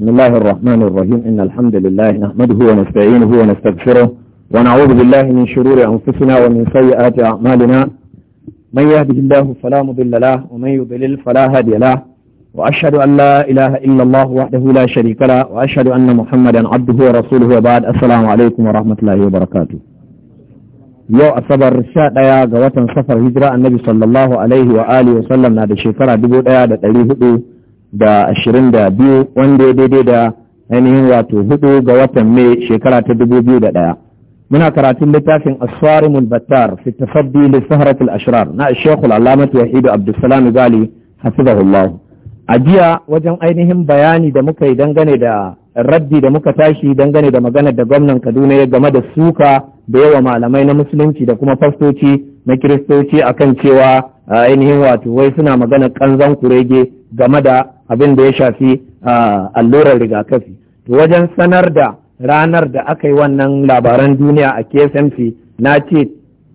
بسم الله الرحمن الرحيم إن الحمد لله نحمده ونستعينه ونستغفره ونعوذ بالله من شرور أنفسنا ومن سيئات أعمالنا من يهده الله فلا مضل له ومن يضلل فلا هادي له وأشهد أن لا إله إلا الله وحده لا شريك له وأشهد أن محمدا عبده ورسوله وبعد السلام عليكم ورحمة الله وبركاته yau asabar sha ɗaya ga watan safar hijira annabi sallallahu alaihi wa alihi wa sallam na da shekara da ashirin da biyu wanda ya daidai da ainihin wato hudu ga watan mai shekara ta dubu biyu da ɗaya muna karatun littafin asfarimul battar fi tafaddi li sahratil ashrar na shekul alamatu yahidu abdulsalam gali hafizahullah a jiya wajen ainihin bayani da muka yi dangane da raddi da muka tashi dangane da maganar da gwamnan kaduna ya game da suka da yawa malamai na musulunci da kuma fastoci na kiristoci akan cewa ainihin wato wai suna magana kanzan kurege game da abin da ya shafi allurar rigakafi to wajen sanar da ranar da aka yi wannan labaran duniya a KSMC na ce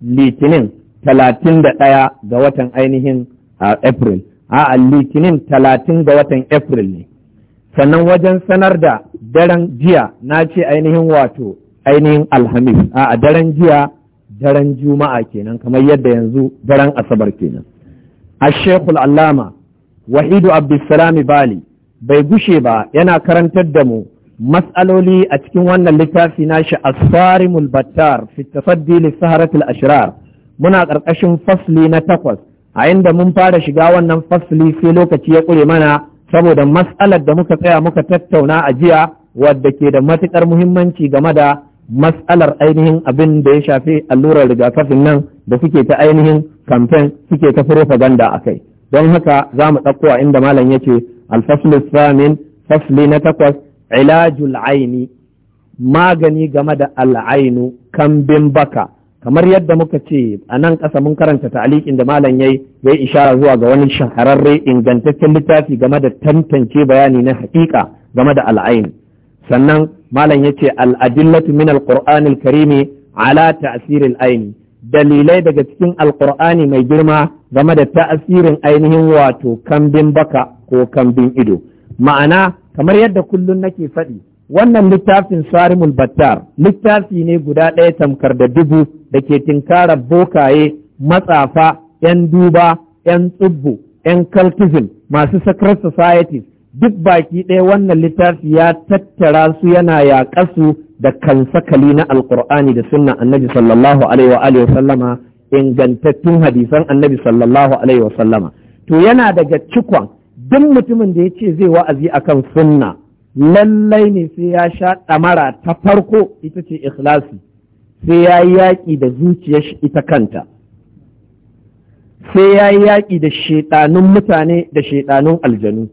litinin talatin da ɗaya ga watan ainihin april a litinin talatin ga watan april ne sannan wajen sanar da daren jiya na ce ainihin wato ainihin alhamis a daren jiya daren juma'a kenan kamar yadda yanzu daren asabar kenan a shekul allama wahidu abdulsalami bali bai gushe ba yana karantar da mu matsaloli a cikin wannan littafi nashi as Mulbattar battar fi tafaddi muna ƙarƙashin fasli na takwas a inda mun fara shiga wannan fasli sai lokaci ya ƙure mana saboda matsalar da muka tsaya muka tattauna a jiya wadda ke da matuƙar muhimmanci game da matsalar ainihin abin da ya shafi allurar rigakafin nan da suke ta ainihin kamfen suke ta furofaganda a kai. don haka za mu ɗauko a inda malam yake alfaslu samin fasli na takwas ilajul aini magani game da al'ainu kambin baka kamar yadda muka ce a nan ƙasa mun karanta ta'aliƙin da malam yayi ya yi ishara zuwa ga wani shahararre ingantaccen littafi game da tantance bayani na haƙiƙa game da al'ain sannan malam ya ce al'adillatu min al-qur'anil karimi ala ta'siril aini dalilai daga cikin alkur'ani mai girma game da ta'asirin ainihin wato kambin baka ko kambin ido ma'ana kamar yadda kullum nake faɗi wannan littafin sarimul battar littafi ne guda ɗaya tamkar da dubu da ke tinkarar bokaye matsafa 'yan duba 'yan tsubbu 'yan cultism masu secret societies duk baki ɗaya wannan littafi ya tattara su yana yaƙasu da kansakali na alƙur'ani da sunna annabi sallallahu alaihi wa alihi sallama ingantattun hadisan annabi sallallahu alaihi wa sallama to yana daga cikon duk mutumin da ya ce zai wa'azi akan sunna lallai ne sai ya sha ɗamara ta farko ita ce ikhlasi sai ya yi yaƙi da zuciyar ita kanta sai ya yi yaƙi da shaiɗanun mutane da shaiɗanun aljanu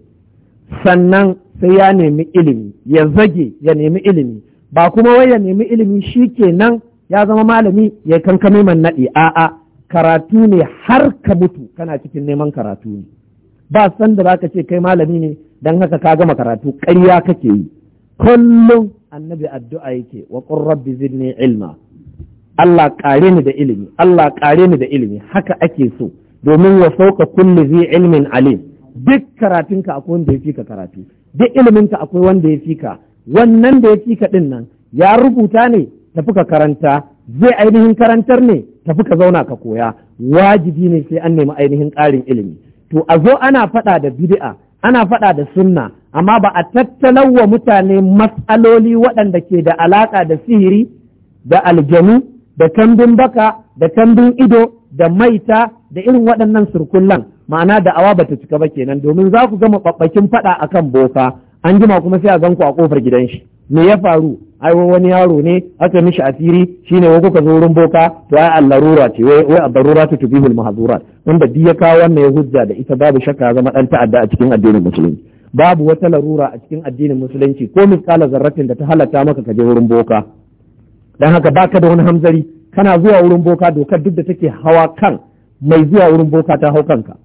sannan sai ya nemi ilimi ya zage ya nemi ilimi ba kuma wai ya nemi ilimi shi kenan ya zama malami ya kankami man naɗi a'a karatu ne har ka mutu kana cikin neman karatu ne ba sanda da ka ce kai malami ne don haka ka gama karatu ƙarya kake yi kullum annabi addu'a yake wa qur rabbi zidni ilma Allah ƙare ni da ilimi Allah ƙare ni da ilimi haka ake so domin wa sauka kulli zai ilmin alim duk karatunka akwai wanda ya fi ka karatu duk iliminka akwai wanda ya fi ka wannan da ya fi ka din nan ya rubuta ne tafi ka karanta zai ainihin karantar ne tafi ka zauna ka koya wajibi ne sai an nemi ainihin ƙarin ilimi to a zo ana faɗa da bid'a ana faɗa da sunna amma ba a tattalawa mutane matsaloli waɗanda ke da alaƙa da sihiri da aljanu da kambin baka da kambin ido da maita da irin waɗannan surkullan ma'ana da awa bata cika ba kenan domin za ku gama babbakin faɗa a kan boka an jima kuma sai a gan ku a kofar gidan shi me ya faru ai wani yaro ne aka mishi asiri shine wai kuka zo wurin boka to ai larura ce wai wai allarura ta tubihul mahzura wanda duk ya kawo wannan ya hujja da ita babu shakka zama dan ta'adda a cikin addinin musulunci babu wata larura a cikin addinin musulunci ko miskala zarratin da ta halatta maka ka je wurin boka dan haka baka da wani hamzari kana zuwa wurin boka dokar duk da take hawa kan mai zuwa wurin boka ta hau kanka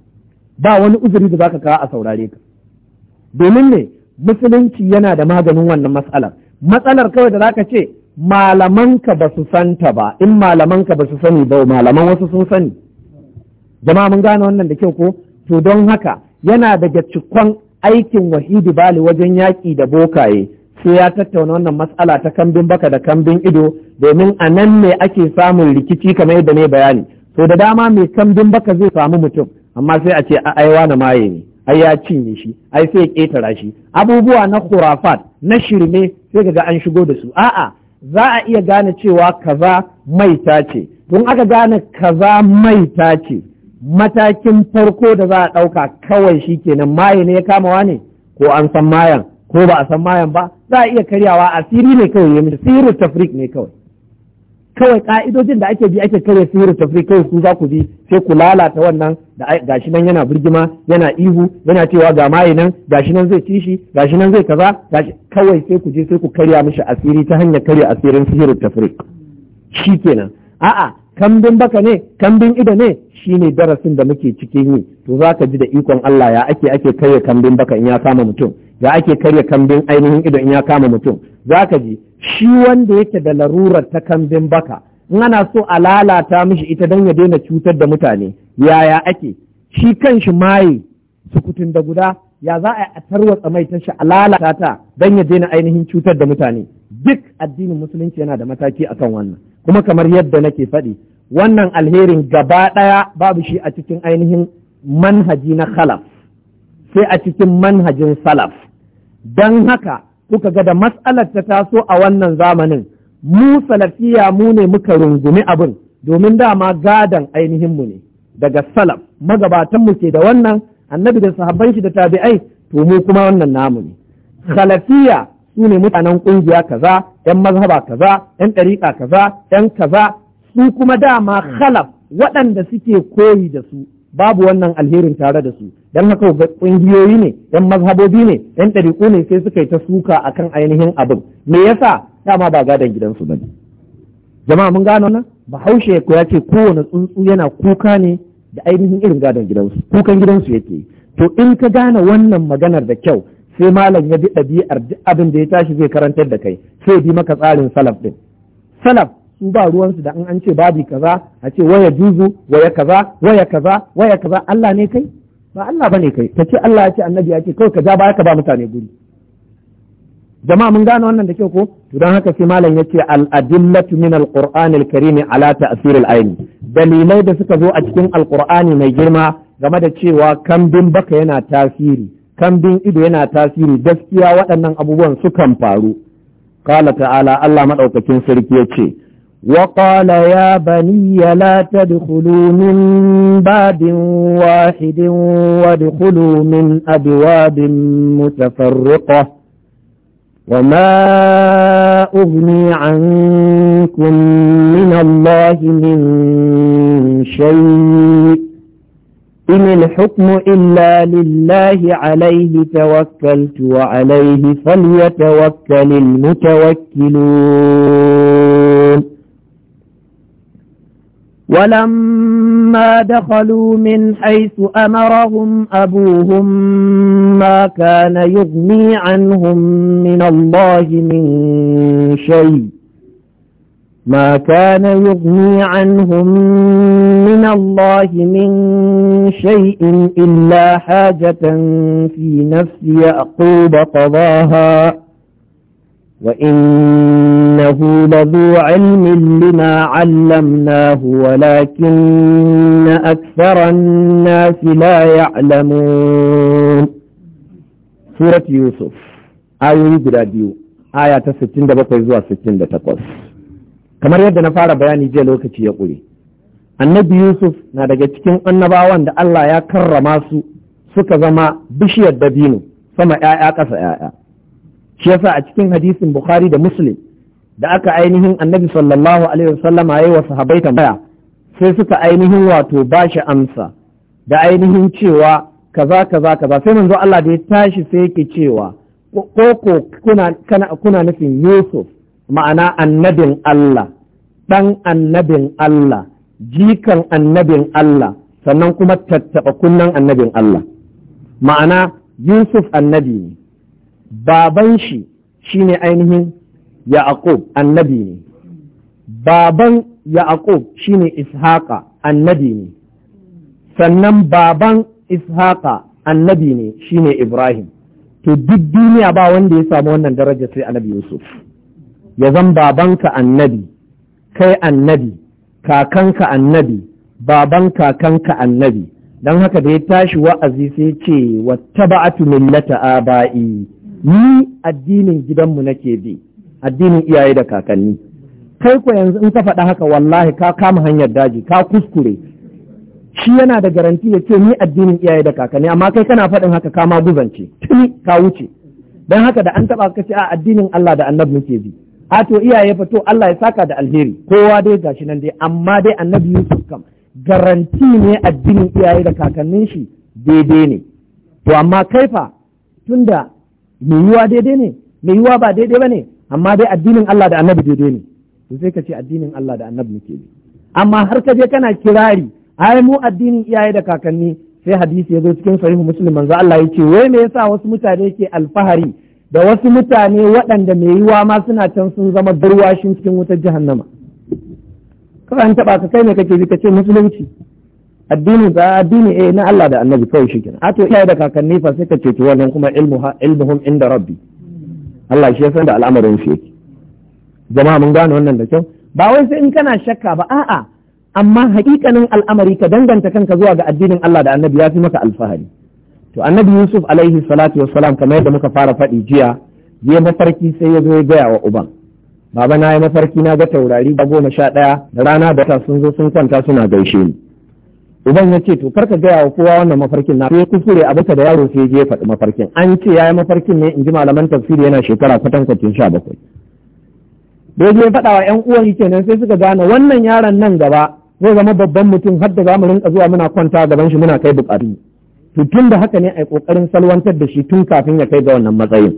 ba wani uzuri da zaka kawo a saurare ka domin ne musulunci yana da maganin wannan matsalar matsalar kawai da zaka ce malamanka ba su santa ba in malamanka ba su sani ba malaman wasu sun sani jama'a mun gane wannan da kyau ko to don haka yana da cikon aikin wahidi bali wajen yaƙi da bokaye sai ya tattauna wannan matsala ta kambin baka da kambin ido domin a nan ne ake samun rikici kamar yadda ne bayani to da dama mai kambin baka zai samu mutum amma sai a ce aiwa na maye ne ai ya cinye shi ai sai ya ƙetara shi abubuwa na khurafat na shirme sai kaga an shigo da su a'a za a iya gane cewa kaza maita ce don aka gane kaza maita ce matakin farko da za a ɗauka kawai shi kenan maye ne ya kamawa ne ko an san mayan ko ba a san mayan ba za a iya karyawa asiri ne kawai ya tafrik ne kawai kawai ƙa'idojin da ake bi ake karya sirrin tafrik kawai su za ku bi sai ku lalata wannan da shi nan yana burgima yana ihu yana cewa ga mai nan gashi nan zai ci shi gashi nan zai kaza kawai sai ku je sai ku karya mishi asiri ta hanyar karya asirin sihiru tafri shi kenan a'a kambin baka ne kambin ido ne shine darasin da muke cikin yi to za ka ji da ikon Allah ya ake ake karya kambin baka in ya kama mutum ya ake karya kambin ainihin ido in ya kama mutum za ka ji shi wanda yake da larurar ta kambin baka in ana so a lalata mishi ita don ya daina cutar da mutane yaya ake shi kan shi maye sukutun da guda ya za a yi a tarwatsa mai tashi a lalata ta don ya daina ainihin cutar da mutane duk addinin musulunci yana da mataki a kan wannan kuma kamar yadda nake faɗi wannan alherin gaba ɗaya babu shi a cikin ainihin manhaji na khalaf sai a cikin manhajin salaf don haka kuka ga da matsalar ta taso a wannan zamanin mu salafiya mu ne muka rungumi abin domin dama gadon ainihinmu ne daga salaf magabatan mu ke da wannan annabi da sahabban shi da tabi'ai to mu kuma wannan namu ne khalafiya su ne mutanen kungiya kaza yan mazhaba kaza yan ɗariƙa kaza yan kaza su kuma dama khalaf waɗanda suke koyi da su babu wannan alherin tare da su dan haka ga kungiyoyi ne yan mazhabobi ne yan ɗariƙu ne sai suka yi ta suka akan ainihin abin me yasa dama ba gadan gidansu bane jama'a mun gano nan bahaushe ya ce kowane tsuntsu yana kuka ne da ainihin irin gadon gidansu kukan gidansu yake to in ka gane wannan maganar da kyau sai malam ya bi ɗabi'ar duk abin da ya tashi zai karantar da kai sai bi maka tsarin salaf din salaf su ba ruwansu da an ce babi kaza a ce waya juzu waya kaza waya kaza waya kaza Allah ne kai ba Allah bane kai ta ce Allah ya ce annabi ya ce kawai ka ja baya ka ba mutane guri jama'a mun gane wannan da kyau ko to dan haka sai malam ya al adillatu min al qur'an al karim ala ta'sir al ayn dalilai da suka zo a cikin alkur'ani mai girma game da cewa kambin baka yana tasiri kambin ido yana tasiri gaskiya waɗannan abubuwan sukan faru Kala ta'ala Allah maɗaukakin sarki yace wa qala ya bani ya la tadkhulu min babin wahidin wadkhulu min abwabin mutafarriqah ma أغني عنكم من الله من شيء إن الحكم إلا لله عليه توكلت وعليه فليتوكل المتوكلون ولما دخلوا من حيث أمرهم أبوهم ما كان يغني عنهم من الله من شيء ما كان يغني عنهم من الله من شيء إلا حاجة في نفس يعقوب قضاها وإنه لذو علم لما علمناه ولكن أكثر الناس لا يعلمون سورة يوسف آية قرابيو aya ta 67 zuwa 68 kamar yadda na fara bayani jiya lokaci ya ƙure annabi yusuf na daga cikin annabawan da allah ya karrama su suka zama bishiyar dabino sama 'ya'ya ƙasa 'ya'ya shi yasa a cikin hadisin bukhari da muslim da aka ainihin annabi sallallahu alaihi wasallama yayi wa sahabai tambaya sai suka ainihin wato ba shi amsa da ainihin cewa kaza kaza kaza sai manzo Allah da ya tashi sai yake cewa koko kuna nufin Yusuf ma'ana annabin Allah Ɗan annabin Allah jikan annabin Allah sannan kuma tattaba kunnan annabin Allah ma'ana Yusuf annabi ne baban shi shine ainihin Yaqub annabi ne baban Yaqub shine Ishaqa annabi ne sannan baban Ishaqa annabi ne shine Ibrahim to duk duniya ba wanda ya samu wannan daraja sai annabi yusuf ya zan babanka annabi kai annabi kakanka annabi baban kakanka annabi don haka da ya tashi wa'azi sai ce wata ba'atu millata aba'i ni addinin gidanmu nake bi addinin iyaye da kakanni kai ko yanzu in ka faɗa haka wallahi ka kama hanyar daji ka kuskure shi yana da garanti ya ce ni addinin iyaye da kakanni amma kai kana faɗin haka kama guzance tuni ka wuce dan haka da an taɓa ka ce a addinin Allah da annabi muke bi a to iyaye fa to Allah ya saka da alheri kowa dai gashi nan dai amma dai annabi Yusuf kam garanti ne addinin iyaye da kakannin shi daidai ne to amma kai fa tunda mai yiwa daidai ne mai yiwa ba daidai bane amma dai addinin Allah da annabi daidai ne to sai ka ce addinin Allah da annabi muke bi amma har ka je kana kirari ai mu addinin iyaye da kakanni sai hadisi ya zo cikin sahihu muslim manzo Allah yake wai me yasa wasu mutane ke alfahari da wasu mutane waɗanda mai yiwa ma suna can sun zama garwashin cikin wutar jahannama kawai an taba ka kai ne kake ka ce musulunci addini ba addini eh na Allah da Annabi kawai shi kenan a to iyaye da kakanni fa sai ka ce to wannan kuma ha ilmuhum inda rabbi Allah shi ya san da al'amarin shi yake jama'a mun gane wannan da kyau ba wai sai in kana shakka ba a'a amma haƙiƙanin al'amari ka danganta kanka zuwa ga addinin Allah da annabi ya fi maka alfahari to annabi Yusuf alaihi salatu wassalam kamar yadda muka fara faɗi jiya ya mafarki sai ya zo ya gaya wa uban baba na ya mafarki na ga taurari ga goma sha ɗaya da rana da ta sun zo sun kwanta suna gaishe ni uban ya ce to karka gaya wa kowa wannan mafarkin na sai kuskure a baka da yaro sai je faɗi mafarkin an ce ya yi mafarkin ne in ji malaman tafsiri yana shekara kwatankwacin sha bakwai daidai ya faɗawa wa ‘yan uwan kenan sai suka gane wannan yaron nan gaba zai zama babban mutum har da zamu rinka zuwa muna kwanta gaban shi muna kai bukatu to tun da haka ne ai kokarin salwantar da shi tun kafin ya kai ga wannan matsayin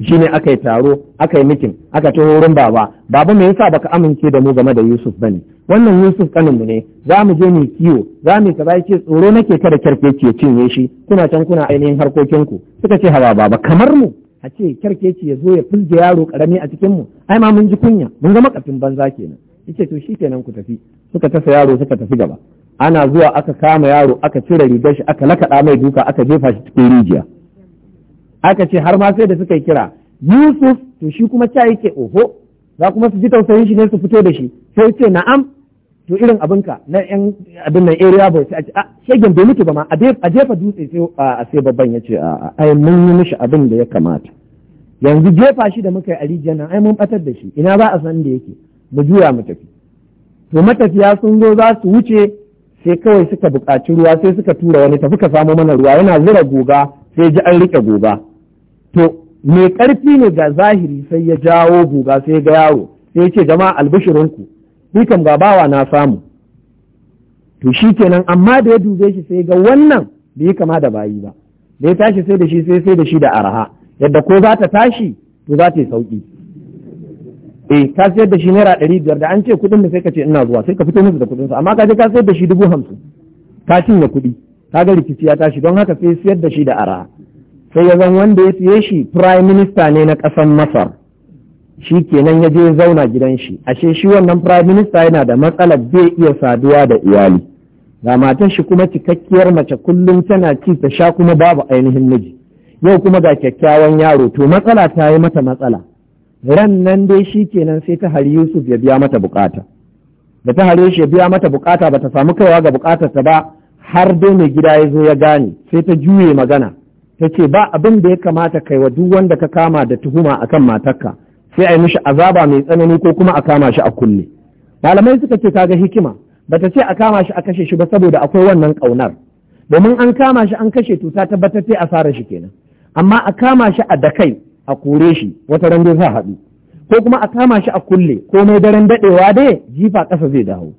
shine aka yi taro aka yi mitin aka ci wurin baba baba me yasa baka amince da mu game da Yusuf ba ne? wannan Yusuf kanin mu ne za mu je mu kiwo za mu kaza yake tsoro nake kada kyarkeci ya cinye shi kuna can kuna ainihin harkokin ku suka ce hawa baba kamar mu a ce kyarkeci ya zo ya fulge yaro karami a cikin mu ai ma mun ji kunya mun ga makafin banza kenan yace to kenan ku tafi suka tafi yaro suka tafi gaba ana zuwa aka kama yaro aka cire rigar shi aka lakaɗa mai duka aka jefa shi cikin rijiya aka ce har ma sai da suka yi kira Yusuf to shi kuma ca yake oho za kuma su ji tausayin shi ne su fito da shi sai ce na'am to irin ka na yan abin nan area boy sai a ce a ah, shegen bai mutu ba ma a jefa dutse sai a sai babban ya ce a ai mun yi mishi abin da ya kamata yanzu jefa shi da muka yi a rijiyar nan ai mun batar da shi ina ba a san da yake mu juya mu tafi to matafiya sun zo za su wuce sai kawai suka buƙaci ruwa sai suka tura wani tafi ka samo mana ruwa yana zura goga sai ji an riƙe goga to me ƙarfi ne ga zahiri sai ya jawo goga sai ga yaro sai ce jama'a albishirinku ni kam ga bawa na samu to shi kenan amma da ya dube shi sai ga wannan bai kama da bayi ba da ya tashi sai da shi sai sai da shi da araha yadda ko za ta tashi to za ta yi sauƙi eh ka sayar da shi naira ɗari biyar da an ce kuɗin da sai ka ce ina zuwa sai ka fito musu da kuɗin sa amma ka je ka sayar da shi dubu hamsin ka cinye kuɗi ka ga rikici ya tashi don haka sai sayar da shi da araha. sai ya zan wanda ya siye shi prime minister ne na ƙasar masar shi kenan ya je zauna gidan shi ashe shi wannan prime minister yana da matsalar bai iya saduwa da iyali ga matar shi kuma cikakkiyar mace kullum tana ci ta sha kuma babu ainihin miji yau kuma ga kyakkyawan yaro to matsala ta yi mata matsala ran nan dai shi kenan sai ta hari Yusuf ya biya mata bukata da ta hare shi ya biya mata bukata ta samu kaiwa ga bukatar ta ba har dai mai gida ya zo ya gane sai ta juye magana ta ce ba abin da ya kamata kai wa duk wanda ka kama da tuhuma akan matarka sai a yi mishi azaba mai tsanani ko kuma a kama shi a kulle malamai suka ce ga hikima ba ta ce a kama shi a kashe shi ba saboda akwai wannan ƙaunar domin an kama shi an kashe to ta tabbatar sai fara shi kenan amma a kama shi a da kai. a kore shi wata ran za a haɗu ko kuma a kama shi a kulle komai daren daɗewa dai jifa ƙasa zai dawo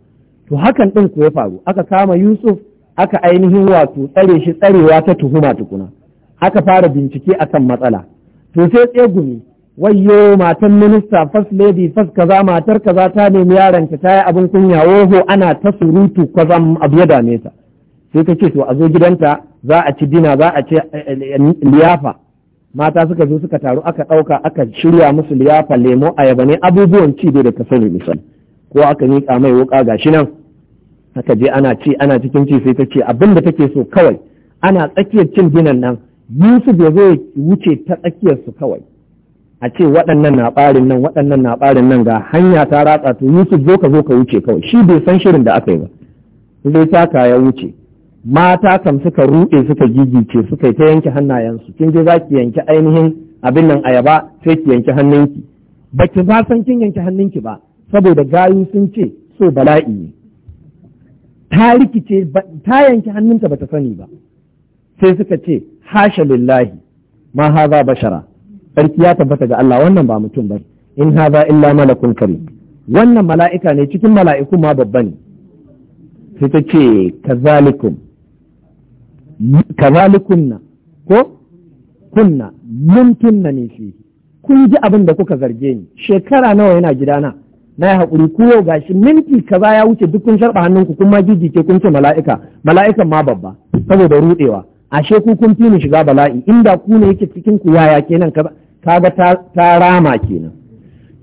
to hakan ɗin ko ya faru aka kama yusuf aka ainihin wato tsare shi tsarewa ta tuhuma tukuna aka fara bincike akan matsala to sai tsegumi wayyo matan minista first lady first kaza matar kaza ta nemi yaron ta yi abin kunya woho ana ta surutu kaza abu ya dame ta sai ta ce to a zo gidanta za a ci dina za a ci eh, eh, eh, liyafa mata suka zo suka taru aka ɗauka aka shirya musu liyafa lemo ayaba ne abubuwan ci da ka sani misali ko aka miƙa mai wuƙa gashi nan aka je ana ci ana cikin ci sai ta ce abin da take so kawai ana tsakiyar cin dinan nan Yusuf ya zo wuce ta tsakiyar su kawai a ce waɗannan na ɓarin nan waɗannan na ɓarin nan ga hanya ta ratsa to Yusuf zo ka zo ka wuce kawai shi bai san shirin da aka yi ba zai taka ya wuce mata kam suka ruɗe suka gigice suka yi ta yanke hannayensu kin je za ki yanki ainihin abin nan ayaba sai ki yanke hannunki ba ki ba san kin yanki hannunki ba saboda gayu sun ce so bala'i ne ta rikice ta yanki hannunta bata sani ba sai suka ce hasha lillahi ma haza bashara sarki ya tabbata ga Allah wannan ba mutum ba in haza illa malakun kare wannan mala'ika ne cikin mala'iku ma babba ne sai ta ce kazalikum kazalikunna ko kunna mumkinna ne fi kun ji abin da kuka zarge ni shekara nawa yana gidana na yi haƙuri ku yau gashi minti kaza ya wuce duk kun sharɓa hannunku kuma ma ke kun ce mala'ika mala'ikan ma babba saboda ruɗewa ashe ku kun fi ni shiga bala'i inda ku ne yake cikin ku yaya kenan kaga ta rama kenan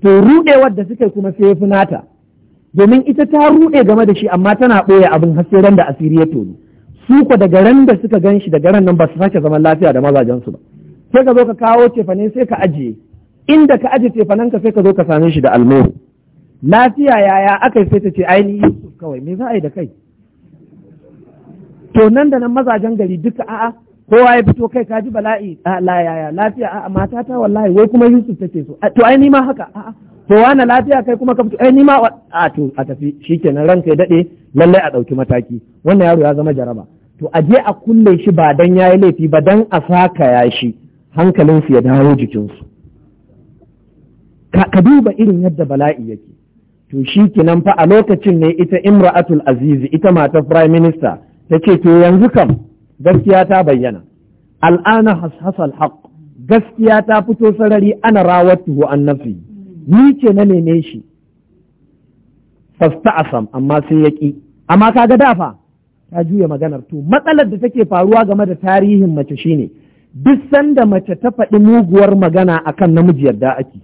to rudewar da suka kuma sai fi nata domin ita ta ruɗe game da shi amma tana ɓoye abin hasiran da asiri ya tono su ko daga ran da suka gan shi daga ran nan ba su sake zaman lafiya da su ba sai ka zo ka kawo cefane sai ka ajiye inda ka ajiye ka sai ka zo ka same shi da almuru lafiya yaya aka sai ta ce ainihi kawai me za a yi da kai to nan da nan mazajen gari duka a'a kowa ya fito kai ka ji bala'i la yaya lafiya a'a mata ta wallahi wai kuma Yusuf take so to ai ma haka a'a to wani lafiya kai kuma ka fito ai eh, ma a to a tafi shikenan ranka ya dade lallai a dauki mataki wannan yaro ya zama jaraba to a je a kulle shi ba dan yayi laifi ba dan a saka ya shi hankalinsu ya dawo jikinsu ka duba irin yadda bala'i yake to shi kinan fa a lokacin ne ita imra'atul azizi ita matar prime minister ta ce to yanzu kam gaskiya ta bayyana al'ana hashasal haq gaskiya ta fito sarari ana rawatuhu an nafi ni ce na neme shi fasta'asam amma sai ya ki amma kaga dafa ta juya maganar to matsalar da take faruwa game da tarihin mace shine duk sanda mace ta faɗi muguwar magana akan namiji yadda ake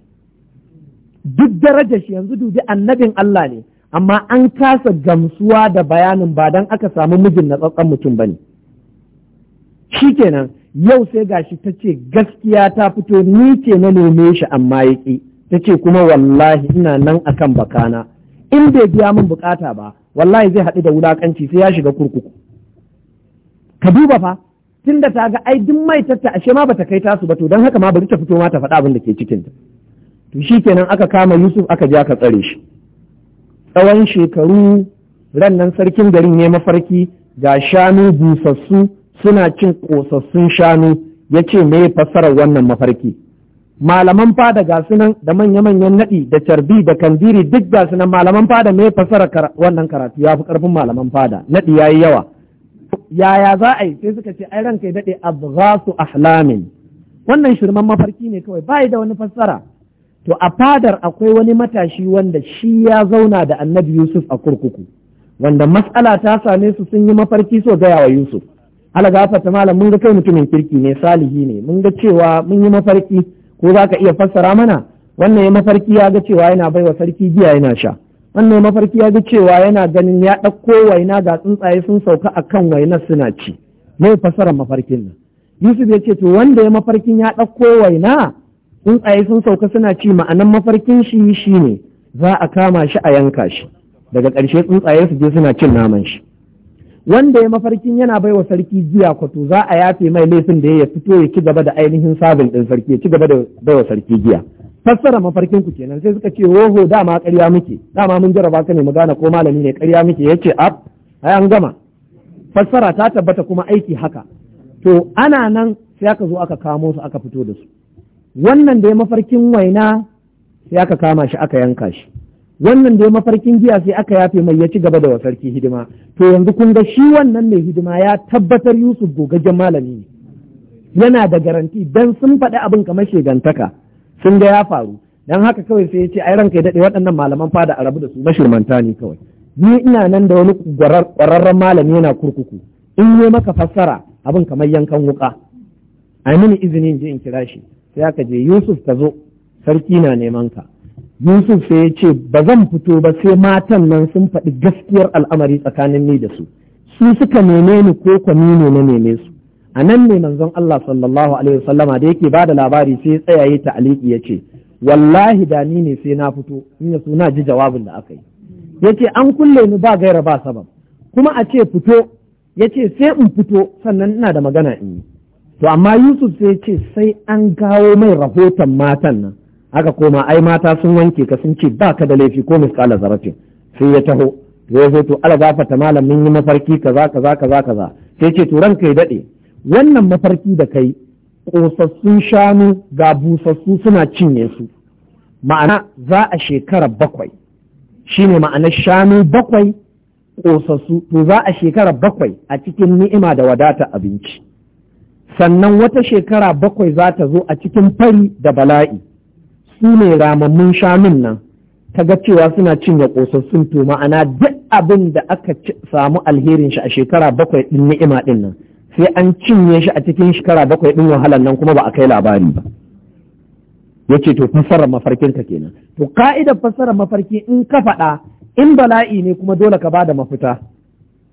duk darajar shi yanzu dubi annabin Allah ne amma an kasa gamsuwa da bayanin ba dan aka samu mijin na tsatsan mutum bane shikenan yau sai gashi ta ce gaskiya ta fito ni ce na nome shi amma yake, tace ta ce kuma wallahi ina nan akan bakana in bai biya min bukata ba wallahi zai haɗu da wulaƙanci sai ya shiga kurkuku ka duba fa tunda ta ga ai duk mai tatta ashe ma bata kai tasu ba to don haka ma bari ta fito ma ta faɗa abin da ke cikin ta to kenan aka kama Yusuf aka je ka tsare shi tsawon shekaru rannan sarkin garin ne mafarki ga shanu busassu suna cin kosassun shanu ya ce me fassarar wannan mafarki malaman fada ga sunan da manya-manyan naɗi da carbi da kandiri duk gasunan, sunan malaman fada mai fasara wannan karatu ya fi ƙarfin malaman fada naɗi ya yi yawa yaya za a yi sai suka ce ai ranka ya daɗe abghasu ahlamin wannan shirman mafarki ne kawai bai da wani fassara to a fadar akwai wani matashi wanda shi ya zauna da annabi yusuf a kurkuku wanda matsala ta same su sun yi mafarki so gaya wa yusuf ala ta malam mun ga kai mutumin kirki ne salihi ne mun ga cewa mun yi mafarki ko za ka iya fassara mana wannan ya mafarki ya ga cewa yana baiwa sarki giya yana sha wannan ya mafarki ya ga cewa yana ganin ya ɗauko waina ga tsuntsaye sun sauka a kan wainar suna ci mai fassarar mafarkin nan yusuf ya ce to wanda ya mafarkin ya ɗauko waina tsuntsaye sun sauka suna ci ma'anan mafarkin shi shi ne, za a kama shi a yanka shi daga ƙarshe tsuntsaye su je suna cin naman shi wanda ya mafarkin yana baiwa sarki jiya kwato za a yafe mai laifin da ya fito ya ci gaba da ainihin sabin ɗin sarki ya ci gaba da baiwa sarki jiya fassara mafarkin ku kenan sai suka ce hoho dama karya muke dama mun jaraba ka ne mu gane ko malami ne karya muke yace ab ai an gama fassara ta tabbata kuma aiki haka to ana nan sai aka zo aka kamo su aka fito da su wannan da ya mafarkin waina sai aka kama shi aka yanka shi wannan da mafarkin jiya sai aka yafe mai ya ci gaba da wasarki. hidima to yanzu kun ga shi wannan mai hidima ya tabbatar Yusuf gogaggen malami ne yana da garanti dan sun faɗi abin kamar shegantaka sun ga ya faru dan haka kawai sai ya ce ai ranka ya daɗe waɗannan malaman fada arabu da su mashirmanta ne kawai ni ina nan da wani ƙwararren malami yana kurkuku in yi maka fassara abin kamar yankan wuka ai mini izinin je in kira shi sai aka je Yusuf ka zo sarki na neman ka Yusuf sai ya ce ba zan fito ba sai matan nan sun faɗi gaskiyar al'amari tsakanin ni da su su suka neme ni ko kwa ne na neme su a nan ne manzon Allah sallallahu alaihi wasallama da yake ba da labari sai ya tsaya ya ta'aliki ya ce wallahi da ni ne sai na fito in ya suna ji jawabin da aka yi ya ce an kulle ni ba gaira ba sabab kuma a ce fito ya ce sai in fito sannan ina da magana in yi to amma Yusuf sai ya ce sai an kawo mai rahoton matan nan aka koma ai mata sun wanke ka sun ce ba ka da laifi ko misƙala zarafin sai ya taho to ya zo to ala ta malam mun yi mafarki kaza kaza kaza kaza sai ce to ranka ya daɗe wannan mafarki da kai ƙosassun shanu ga busassu suna cinye su ma'ana za a shekara bakwai shine ma'anar shanu bakwai ƙosassu to za a shekara bakwai a cikin ni'ima da wadata abinci sannan wata shekara bakwai za ta zo a cikin fari da bala'i su ne ramammun shanun nan ta ga cewa suna cinye ƙosassun to ma'ana duk abin da aka samu alherin shi a shekara bakwai ɗin ni'ima ɗin nan sai an cinye shi a cikin shekara bakwai ɗin wahalar nan kuma ba a kai labari ba ya ce to fassarar ka kenan to ka'idar fassarar mafarki in ka faɗa in bala'i ne kuma dole ka bada mafita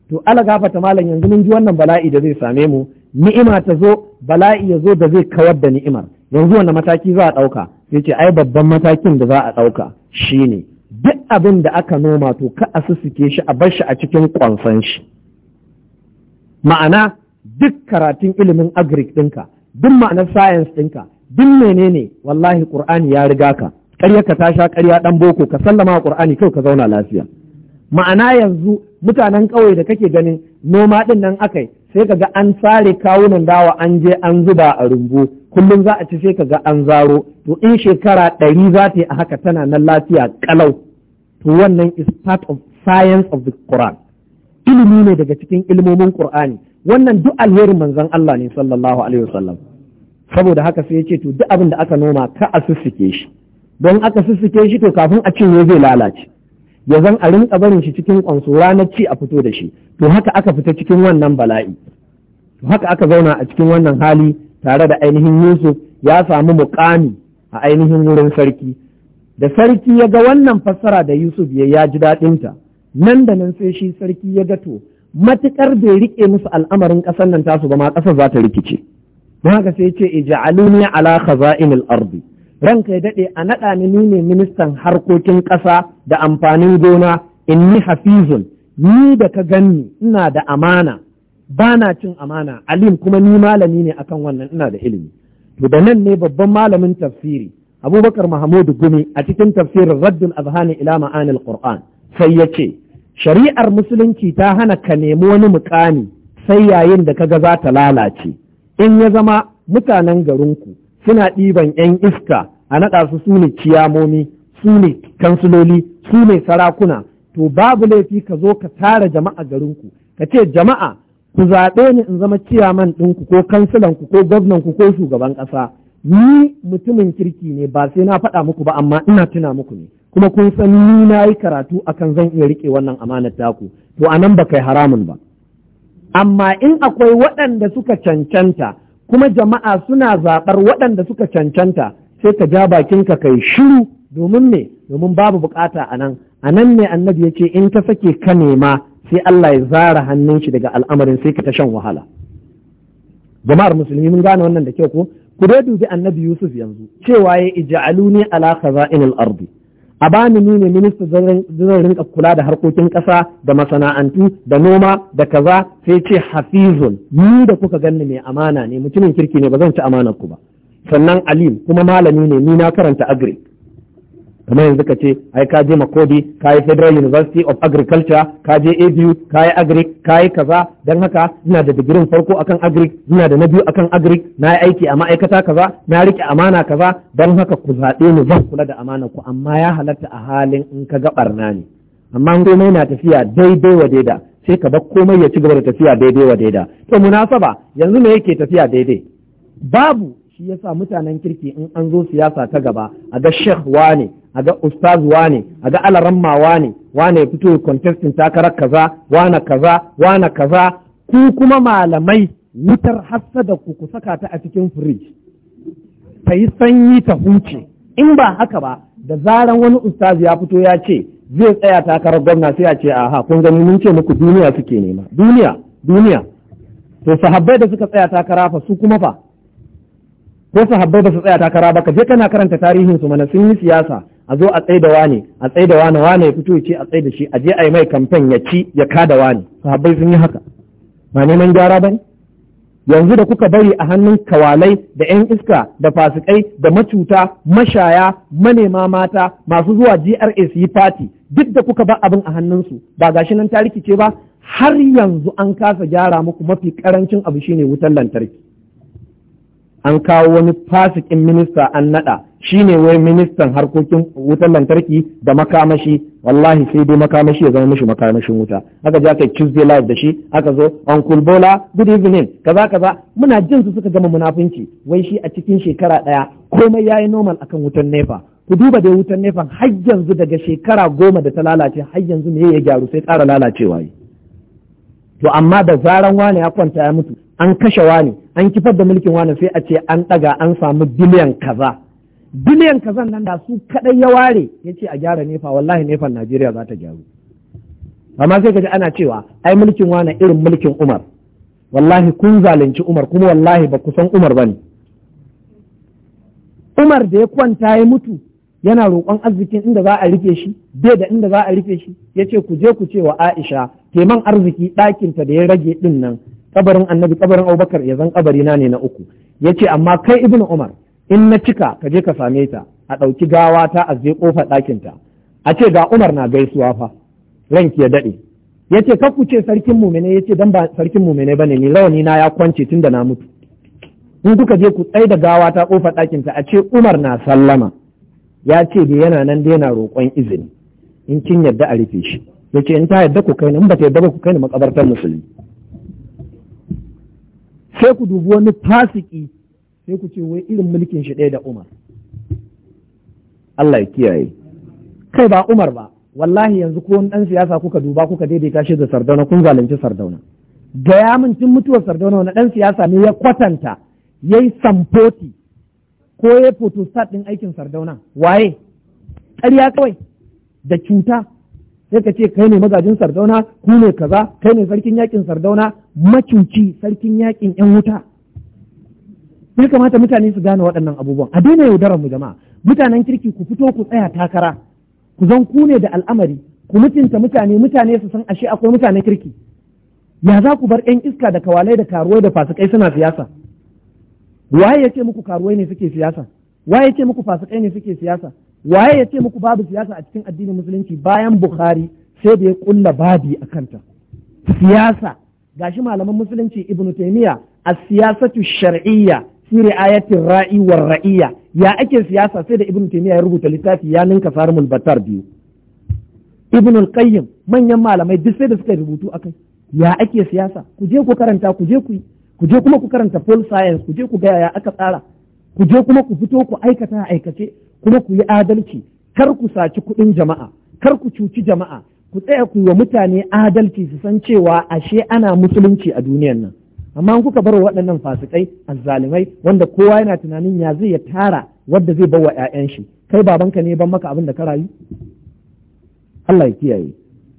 to ala gafata malam yanzu mun ji wannan bala'i da zai same mu ni'ima ta zo bala'i ya zo da zai kawar da ni'imar yanzu wanda mataki za a ɗauka ya ce ai babban matakin da za a ɗauka shi ne. duk abin da aka noma to ka a sussuke shi a bar shi a cikin ƙwansan shi ma'ana duk karatun ilimin agric ɗinka duk ma'anar science ɗinka duk menene wallahi ƙur'ani ya riga ka ƙarya ka tasha sha ƙarya ɗan boko ka sallama ƙur'ani kai ka zauna lafiya ma'ana yanzu mutanen ƙauye da kake ganin noma ɗin nan yi sai ka ga an sare kawunan dawa an je an zuba a rumbu kullum za a ci sai ka ga an zaro to in shekara ɗari za ta yi a haka tana nan lafiya kalau. to wannan is part of science of the Quran ilimi ne daga cikin ilmomin Qur'ani wannan duk alherin manzon Allah ne sallallahu alaihi wasallam saboda haka sai ya ce to duk abin da aka noma ka a sussuke shi don aka sussuke shi to kafin a cinye zai lalace ya zan a rinka barin shi cikin kwansura na ci a fito da shi to haka aka fita cikin wannan bala'i to haka aka zauna a cikin wannan hali tare da ainihin Yusuf ya samu muƙami a ainihin wurin sarki da sarki ya ga wannan fassara da Yusuf ya ya ji daɗinta nan da nan sai shi sarki ya ga to matuƙar bai riƙe musu al'amarin ƙasar nan tasu ba ma ƙasar za ta rikice don haka sai ce ija'aluni ala khaza'inil ardi ranka ya daɗe a naɗa ni ni ne ministan harkokin ƙasa da amfanin gona inni hafizun ni da ka gani ina da amana ba na cin amana alim kuma ni malami ne akan wannan ina da ilimi to da nan ne babban malamin tafsiri abubakar mahamudu gumi a cikin tafsirin raddul azhani ila ma'anil qur'an sai yace shari'ar musulunci ta hana ka nemi wani mukami sai yayin da kaga za ta lalace in ya zama mutanen garinku suna ɗiban 'yan iska a naɗa su su ne kiyamomi su ne kansiloli su ne sarakuna to babu laifi ka zo ka tara jama'a garinku ka ce jama'a ku zaɓe ni in zama ciyaman ɗinku ko kansilanku ko gwamnanku ko shugaban ƙasa ni mutumin kirki ne ba sai na faɗa muku ba amma ina tuna muku ne kuma kun san ni na yi karatu akan zan iya riƙe wannan amanar taku to a nan ba kai haramun ba amma in akwai waɗanda suka cancanta kuma jama'a suna zaɓar waɗanda suka cancanta sai ka ja ka kai shiru domin me domin babu bukata a nan a nan ne annabi ya ce in ta sake ka nema sai Allah ya zara hannun shi daga al'amarin sai ka ta shan wahala jama'ar musulmi mun gane wannan da kyau ko ku dai dubi annabi Yusuf yanzu cewa ya ij'aluni ala khaza'inil ardi a bani ni ne minista zan rinka kula da harkokin ƙasa da masana'antu da noma da kaza sai ce hafizun ni da kuka ganni mai amana ne mutumin kirki ne ba zan ci amanar ku ba sannan alim kuma malami ne ni na karanta agri kamar yanzu ka ce ai ka je makodi ka yi federal university of agriculture ka je abu ka yi agri ka yi kaza don haka ina da digirin farko akan agri ina da na biyu akan agri na yi aiki a ma'aikata kaza na rike amana kaza don haka ku zaɓe ni zan kula da amana ku amma ya halatta a halin in ka ga barna ne amma komai na tafiya daidai wa daida sai ka bar komai ya ci gaba da tafiya daidai wa daida to munasaba yanzu me yake tafiya daidai babu shi yasa mutanen kirki in an zo siyasa ta gaba a ga sheikh wane a ga ustaz wane a ga alaramma wane wane ya fito kontestin takarar kaza wane kaza wane kaza ku kuma malamai wutar hassada ku ku saka ta a cikin firij ta yi sanyi ta huce in ba haka ba da zaran wani ustaz ya fito ya ce zai tsaya takarar gwamna sai a ce aha kun gani mun ce muku duniya suke nema duniya duniya to sahabbai da suka tsaya takara fa su kuma fa ko sahabbai ba su tsaya takara ba ka je kana karanta tarihin su mana sun yi siyasa a zo a tsaye da wane a tsaye da wane wane ya fito ce a tsaye da shi a je a yi mai kamfen ya ci ya ka da wane sahabbai sun yi haka ba neman gyara ba ne yanzu da kuka bari a hannun kawalai da 'yan iska da fasikai da macuta mashaya manema mata masu zuwa GRA su yi fati duk da kuka ba abin a hannunsu ba gashi nan ta rikice ba har yanzu an kasa gyara muku mafi karancin abu shine wutar lantarki an kawo wani fasikin minista an nada ne wai ministan harkokin wutar lantarki da makamashi wallahi sai dai makamashi ya zama mishi makamashin wuta aka je aka Tuesday live da shi aka zo uncle Bola good evening kaza kaza muna jin su suka gama munafunci wai shi a cikin shekara ɗaya komai yayi normal akan wutan nefa ku duba dai wutan nefan har yanzu daga shekara goma da ta lalace har yanzu me ya gyaru sai ƙara lalacewa yi to amma da zaran wane ya kwanta ya mutu an kashe wane an kifar da mulkin wane sai a ce an ɗaga an samu biliyan kaza biliyan kazan nan da su kaɗai ya ware ya ce a gyara nefa wallahi nefan najeriya za ta gyaru amma sai ka kaji ana cewa ai mulkin wane irin mulkin umar wallahi kun zalunci umar kuma wallahi ba ku san umar ba ne umar da ya kwanta ya mutu yana roƙon arzikin inda za a rike shi bai da inda za a rike shi ya ce ku je ku ce wa aisha teman arziki ɗakinta da ya rage ɗin nan kabarin annabi kabarin abubakar ya zan kabari na ne na uku ya ce amma kai ibn umar in na cika ka je ka same ta a ɗauki gawa ta a je ƙofa ɗakinta a ce ga umar na gaisuwa fa ranki ya daɗe ya ce ku ce sarkin mumene ya ce dan ba sarkin mumene ba ne ni rawani na ya kwance tun da na mutu in kuka je ku tsaye da gawa ta ƙofa ɗakinta a ce umar na sallama ya ce da yana nan da yana roƙon izini in kin yadda a rufe shi yace in ta yadda ku kai in ba ta yadda ba ku kai ni makabartar musulmi sai ku dubi wani fasiki sai ku ce wai irin mulkin shi ɗaya da Umar Allah ya kiyaye kai ba Umar ba wallahi yanzu ko wani dan siyasa kuka duba kuka daidaita shi da Sardauna kun zalunci Sardauna gaya min tun mutuwar Sardauna wani dan siyasa ne ya kwatanta yayi samfoti ko ya foto-sat ɗin aikin Sardauna waye ƙarya kawai da cuta sai ka ce kai ne magajin sardauna ku ne kaza kai ne sarkin yakin sardauna macuci sarkin yakin yan wuta ya kamata mutane su gane waɗannan abubuwan a daina yaudarar mu jama'a mutanen kirki ku fito ku tsaya takara ku zan ku ne da al'amari ku mutunta mutane mutane su san ashe akwai mutanen kirki ya za ku bar 'yan iska da kawalai da karuwai da fasikai suna siyasa waye ya ce muku karuwai ne suke siyasa waye ya ce muku fasikai ne suke siyasa waye ya ce muku babu siyasa a cikin addinin musulunci bayan bukhari sai da ya kulla babi a kanta siyasa gashi malaman musulunci ibnu taymiya as-siyasatu shar'iyya fi ri'ayatir ra'i war ra'iyya ya ake siyasa sai da ibnu taymiya ya rubuta littafi ya ninka farmul batar biyu ibnu al-qayyim manyan malamai duk sai da suka rubutu akai ya ake siyasa ku je ku karanta ku je ku ku je kuma ku karanta pol science ku je ku ga ya aka tsara ku je kuma ku fito ku aikata aikace kuma ku yi adalci kar ku saci kuɗin jama'a kar ku cuci jama'a ku tsaya ku yi wa mutane adalci su san cewa ashe ana musulunci a duniyan nan amma kuka bar waɗannan fasikai azzalumai wanda kowa yana tunanin ya zai ya tara wanda zai bawa 'ya'yan shi kai babanka ne ban maka abin da ka rayu Allah ya kiyaye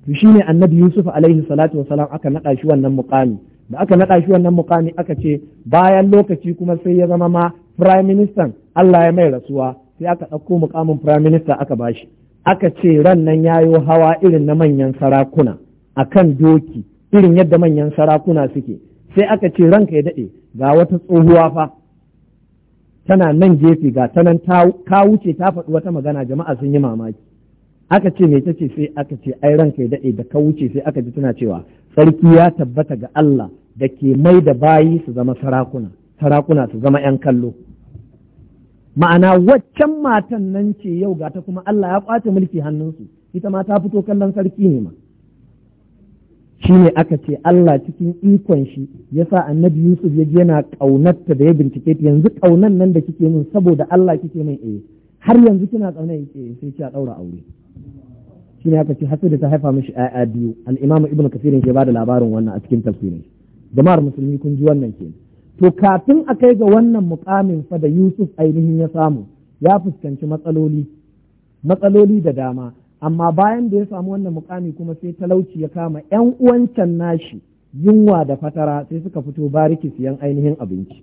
to shine annabi Yusuf alaihi salatu wasalam aka naɗa shi wannan muƙami da aka naɗa shi wannan muƙami aka ce bayan lokaci kuma sai ya zama ma prime minister Allah ya mai rasuwa sai aka ɗauko mukamin firaminista aka bashi aka ce ran nan yayo hawa irin na manyan sarakuna akan doki irin yadda manyan sarakuna suke sai aka ce ranka ya daɗe ga wata tsohuwa fa tana nan gefe ga ta nan ka wuce ta faɗi wata magana jama'a sun yi mamaki aka ce me tace sai aka ce ai ranka ya daɗe da ka wuce sai aka ji tana cewa sarki ya tabbata ga Allah da ke mai da bayi su zama sarakuna sarakuna su zama 'yan kallo ma'ana waccan matan nan ce yau ga ta kuma Allah ya kwace mulki hannunsu ita ma ta fito kallon sarki ne ma shi ne aka ce Allah cikin ikon shi ya sa annabi Yusuf ya je yana ƙaunarta da ya bincike ta yanzu ƙaunar nan da kike min saboda Allah kike min eh har yanzu kina ƙaunar yake eh, sai kika ɗaura aure shi ne aka ce hasu da ta haifa mishi ƴaƴa biyu al-Imam Ibn Kathir ke bada labarin wannan a cikin tafsirin jama'ar musulmi kun ji wannan kenan to kafin a kai ga wannan mukamin fa da Yusuf ainihin ya samu ya fuskanci matsaloli matsaloli da dama amma bayan da ya samu wannan mukami kuma sai talauci ya kama yan uwancan nashi yunwa da fatara sai suka fito bariki siyan ainihin abinci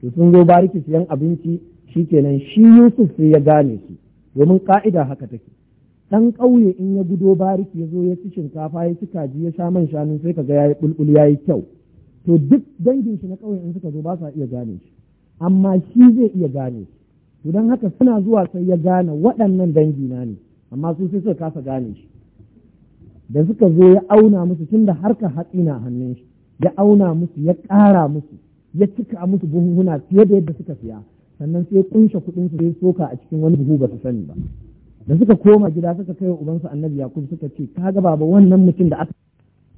to sun zo bariki siyan abinci shikenan shi Yusuf sai ya gane su domin ka'ida haka take dan ƙauye in ya gudo bariki ya zo ya ci shinkafa ya ci kaji ya sha man shanu sai kaga yayi bulbul yayi kyau to duk dangin shi na kauyen in suka zo ba sa iya gane shi amma shi zai iya gane shi. to don haka suna zuwa sai ya gane waɗannan dangi na ne amma su sai suka kasa gane shi da suka zo ya auna musu tun da harka hatsi na hannun shi ya auna musu ya ƙara musu ya cika musu buhunhuna fiye da yadda suka siya sannan sai kunshe kuɗin su sai soka a cikin wani buhu ba su sani ba da suka koma gida suka kai wa ubansu annabi yakub suka ce kaga baba wannan mutum da aka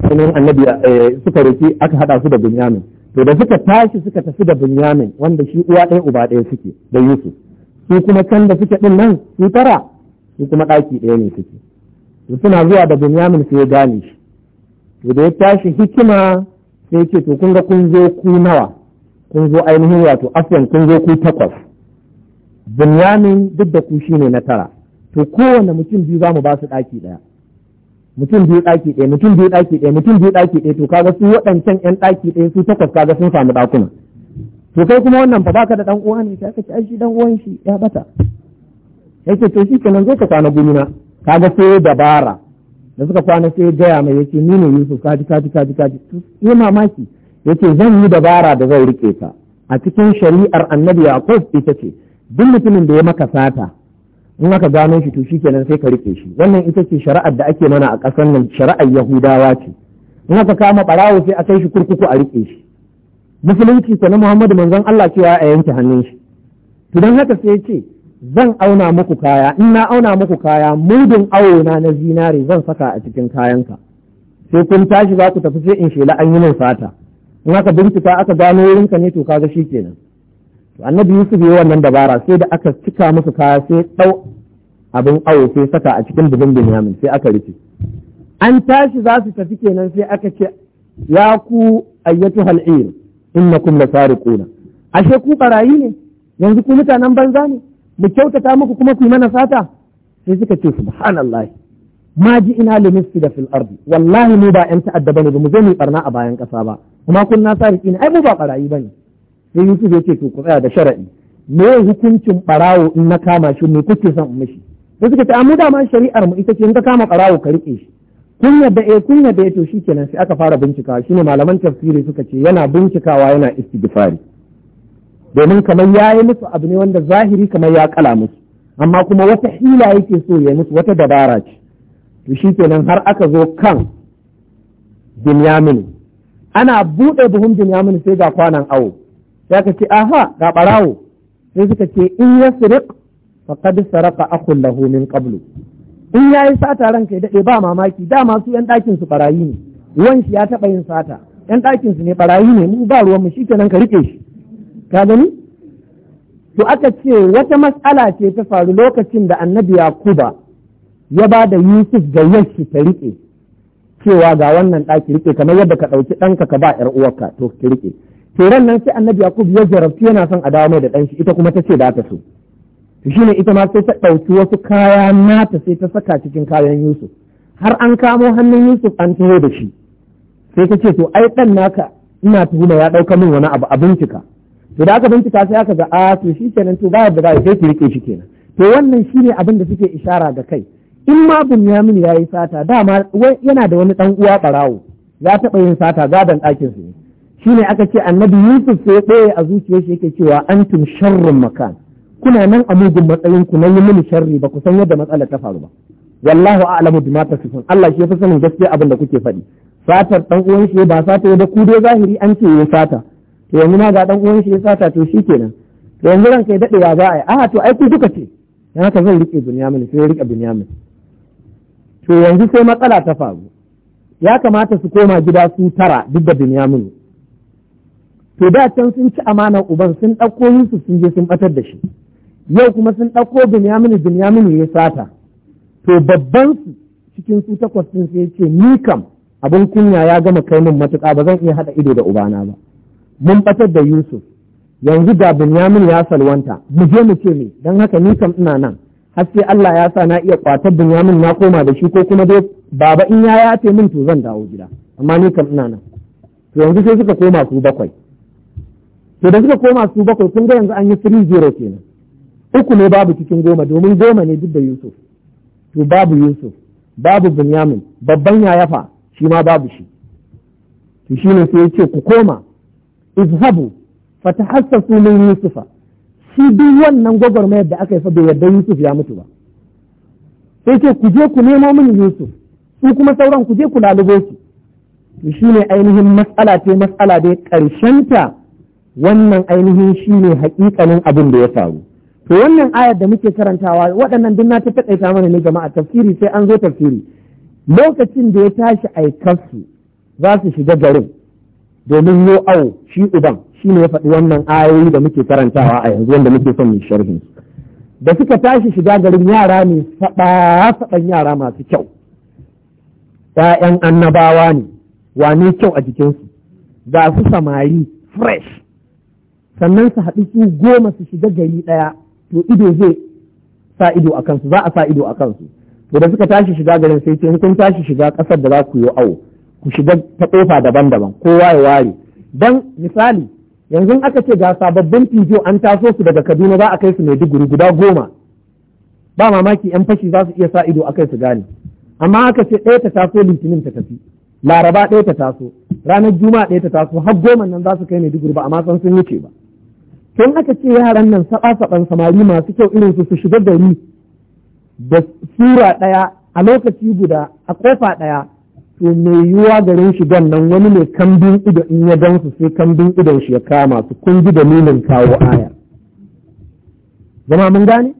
sunan annabi eh, suka roki aka hada su da bunyamin, to da suka tashi suka tafi da bunyamin, wanda shi uwa ɗaya uba ɗaya suke da yusuf su kuma can da suke din nan su tara su kuma ɗaki ɗaya ne suke suna zuwa da bunyamin sai ya gane shi to da ya tashi hikima sai ce to kun ga kun zo ku nawa kun zo ainihin wato afwan kun zo ku takwas Bunyamin duk da ku shine na tara to kowane mutum biyu za mu ba su ɗaki ɗaya mutum biyu ɗaki ɗaya mutum biyu ɗaki ɗaya mutum biyu ɗaki ɗaya to kaga su waɗancan ƴan ɗaki ɗaya su takwas kaga sun samu ɗakuna to kai kuma wannan fa baka da dan uwa ne sai ka ci shi dan uwan shi ya bata yake to shi kenan zo ka kwana gumina kaga sai dabara da suka kwana sai gaya mai yace ni ne Yusuf kaji kaji kaji kaji sai mamaki yake zan yi dabara da zai rike ka a cikin shari'ar Annabi Yaqub ita ce duk mutumin da ya maka sata in aka gano shi to shikenan sai ka rike shi wannan ita ce shari'ar da ake mana a ƙasar nan shari'ar yahudawa ce in aka kama ɓarawo sai a kai shi kurkuku a rike shi musulunci ta na muhammadu manzon allah cewa a yanke hannun shi to don haka sai ce zan auna muku kaya in na auna muku kaya mudun awo na na zinare zan saka a cikin kayanka sai kun tashi za ku tafi sai in shela an yi min fata in aka bincika aka gano wurinka ne to kaga shikenan annabi yusuf ya wannan dabara sai da aka cika musu kaya sai ɗau abin awo sai saka a cikin bugun binyamin sai aka rufe an tashi za su tafi kenan sai aka ce ya ku ayyatu inna innakum la sariquna ashe ku barayi ne yanzu ku mutanen banza ne mu kyautata muku kuma ku mana sata sai suka ce subhanallah ma ji ina li da fil ardi wallahi mu ba yan ta'adda bane mu zo mu barna a bayan kasa ba kuma kun na sariki ne ai mu ba barayi bane sai yusuf ya ce to ku tsaya da sharaɗi me hukuncin barawo in na kama shi me kuke son in mishi sai suka ce amma dama shari'ar mu ita ce in ka kama barawo ka riƙe shi kun yadda eh kun yadda eh to shikenan sai aka fara bincikawa shine malaman tafsiri suka ce yana bincikawa yana istighfari domin kamar ya yi musu abu ne wanda zahiri kamar ya kala musu amma kuma wata hila yake so ya musu wata dabara ce to shikenan har aka zo kan Binyamin ana buɗe buhun Binyamin sai ga kwanan awo ya ka ce aha ga ɓarawo sai suka ce in ya sirik faƙad saraka a lahu min qablu in ya yi sata ranka ya daɗe ba mamaki dama su yan ɗakinsu su ɓarayi ne ruwan shi ya taɓa yin sata yan ɗakinsu ne ɓarayi ne mu ba ruwanmu mu shi kenan ka riƙe shi ka gani to aka ce wata matsala ce ta faru lokacin da annabi yakuba ya ba da yusuf ga yashi ta riƙe cewa ga wannan ɗaki riƙe kamar yadda ka ɗauki ɗanka ka ba 'yar uwarka to ki riƙe to ran nan sai annabi yakub ya jarabtu yana son a dawo mai da ɗan shi ita kuma ta ce da ta so to shine ita ma sai ta ɗauki wasu kaya nata sai ta saka cikin kayan yusuf har an kamo hannun yusuf an taho da shi sai ta ce to ai ɗan naka ina tuhuma ya ɗauka min wani abu a bincika to da aka bincika sai aka ga a to shi kenan to ba yadda ba sai ki rike shi kenan to wannan shi ne abin da suke ishara ga kai in ma Bunyamin ya yi sata dama yana da wani ɗan uwa ɓarawo ya taɓa yin sata gadon ɗakin su ne ne aka ce annabi yusuf sai ɗaya a zuciyar shi yake cewa antum sharrun makan kuna nan a mugun matsayin ku nan yi mini sharri ba ku san yadda matsalar ta faru ba wallahu a'lamu bima tasifun Allah shi ya fi sanin gaskiya abin da kuke faɗi Satar dan uwan shi ba sata ba ku dai zahiri an ce ya sata to yanzu na ga dan uwan shi ya sata to shikenan to yanzu ran kai dadewa za a yi a to ai ku kuka ce dan haka zan rike Binyamin sai rike Binyamin to yanzu sai matsala ta faru ya kamata su koma gida su tara duk da Binyamin to da can sun ci amanar uban sun ɗauko Yusuf sun je sun ɓatar da shi yau kuma sun ɗauko Binyaminu Binyaminu ya sata to babban su cikin su takwas ɗin sai ce ni kam abin kunya ya gama kai min matuƙa ba zan iya haɗa ido da ubana ba mun ɓatar da Yusuf yanzu da Binyaminu ya salwanta mu je mu ce me dan haka ni kam ina nan haske Allah ya sa na iya kwatar Binyamin na koma da shi ko kuma dai baba in ya yace min to zan dawo gida amma ni kam ina nan to yanzu sai suka koma su bakwai to da suka koma su bakwai kun ga yanzu an yi 3-0 kenan uku ne babu cikin goma domin goma ne duk da Yusuf to babu Yusuf babu Binyamin babban yayafa shi ma babu shi to shi ne sai ya ce ku koma izhabu hassasu min Yusufa shi duk wannan gwagwarmayar da aka yi fa bai yarda Yusuf ya mutu ba sai ce ku je ku nemo min Yusuf su kuma sauran ku je ku lalubo su shi ne ainihin matsala ce matsala ƙarshen ta? wannan ainihin shi ne hakikanin abin da ya faru to wannan ayar da muke karantawa waɗannan duk na ta taƙaita mana ne jama'a tafsiri sai an zo tafsiri lokacin da ya tashi aikarsu za su shiga garin domin yo awo shi uban shi ne ya faɗi wannan ayoyi da muke karantawa a yanzu wanda muke son mu sharhin da suka tashi shiga garin yara ne saɓa-saɓan yara masu kyau ‘ya'yan annabawa ne wane kyau a jikinsu ga su samari fresh sannan su haɗu su goma su shiga gari ɗaya to ido zai sa ido a kansu za a sa ido a kansu to da suka tashi shiga garin sai ce kun tashi shiga ƙasar da za ku yi awo ku shiga ta ƙofa daban-daban kowa ya ware dan misali yanzu aka ce ga sababbin fijo an taso su daga Kaduna za a kai su Maiduguri guda goma ba mamaki yan fashi za su iya sa ido a kai su gane amma aka ce ɗaya ta taso litinin ta tafi laraba ɗaya ta taso ranar juma'a ɗaya ta taso har goma nan za su kai Maiduguri ba amma san sun wuce ba don aka ce yaran nan saɓa-saɓan samari masu kyau irin su su shiga gari da sura ɗaya a lokaci guda a ƙofa ɗaya to mai yiwuwa garin shigan nan wani mai kambin ido in ya dan su sai kambin idon shi ya kama su kun ji dalilin kawo aya zama mun gane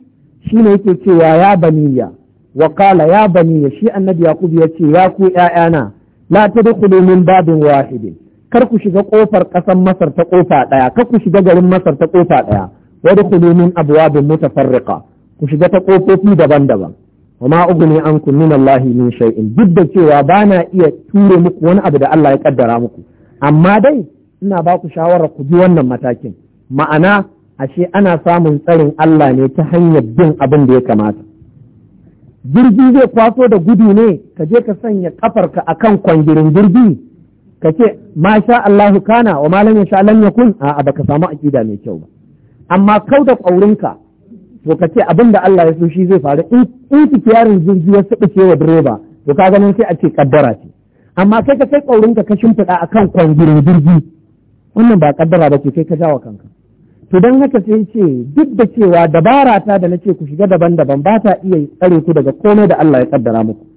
shi ne yake cewa ya baniya wa qala ya baniya shi annabi yaqub ya ce ya ku ƴaƴana la tadkhulu min babin wahidin kar ku shiga kofar ƙasar Masar ta kofa ɗaya kar ku shiga garin Masar ta kofa ɗaya ku dukhulu min abwabin mutafarriqa ku shiga ta kofofi daban-daban wa ma an ankum min Allah min shay'in duk da cewa bana iya ture muku wani abu da Allah ya kaddara muku amma dai ina ba ku shawara ku bi wannan matakin ma'ana ashe ana samun tsarin Allah ne ta hanyar bin abin da ya kamata jirgi zai kwaso da gudu ne ka je ka sanya kafarka akan kwangirin jirgi ka ce ma sha Allahu kana wa malam ya sha lam yakun a'a baka samu aƙida mai kyau ba amma kau da ƙaurinka to ka ce abin Allah ya so shi zai faru in tikiyarin jirgi ya suɓuce wa direba to ka ganin sai a ce kaddara ce amma kai ka kai ƙaurinka ka shimfiɗa akan kwangirin jirgi wannan ba kaddara ba ce kai ka jawa kanka to don haka sai ce duk da cewa dabara ta da na ce ku shiga daban-daban ba ta iya tsare ku daga komai da Allah ya kaddara muku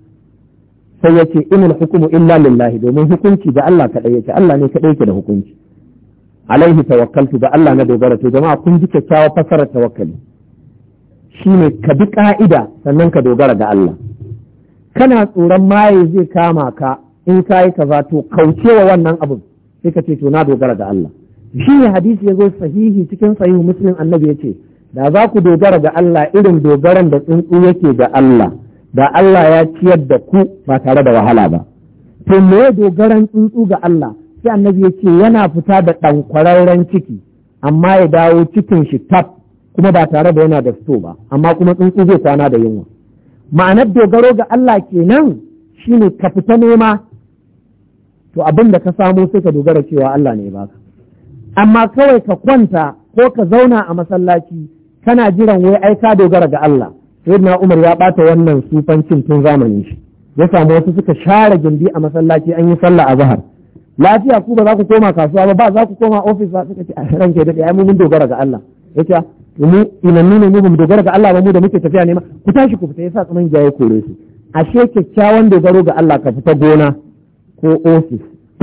sai yace inal hukumu illa lillahi domin hukunci da Allah kadai yake Allah ne kadai yake da hukunci alaihi tawakkaltu da Allah na dogara to jama'a kun ji kyakkyawar fasarar tawakkali shine ka bi ka'ida sannan ka dogara ga Allah kana tsoron maye zai kama ka in ka yi kaza to kaucewa wannan abin sai ka ce to na dogara ga Allah shi ne hadisi ya zo sahihi cikin sahihu muslim annabi ya ce da za ku dogara ga Allah irin dogaran da tsuntsu yake ga Allah da Allah ya ciyar da ku ba tare da wahala ba to me dogaran tsuntsu ga Allah sai annabi ya ce yana fita da ɗan kwararren ciki amma ya dawo cikin shi tab kuma ba tare da yana da fito ba amma kuma tsuntsu zai kwana da yunwa ma'anar dogaro ga Allah kenan shine ka fita nema to abin da ka samu sai ka dogara cewa Allah ne baka amma kawai ka kwanta ko ka zauna a masallaci kana jiran wai ai ka dogara ga Allah sayyidina umar ya bata wannan sufancin tun zamani. shi ya samu wasu suka share gindi a masallaci an yi sallah a zahar lafiya ku ba za ku koma kasuwa ba ba za ku koma ofis ba suka ce a ah, ranke da ai mun dogara ga Allah yace mu inannu ne mu bamu dogara ga Allah ba mu da muke tafiya ne ma ku tashi ku fita yasa tsaman jaye kore su ashe kyakkyawan dogaro ga Allah ka fita gona ko ofis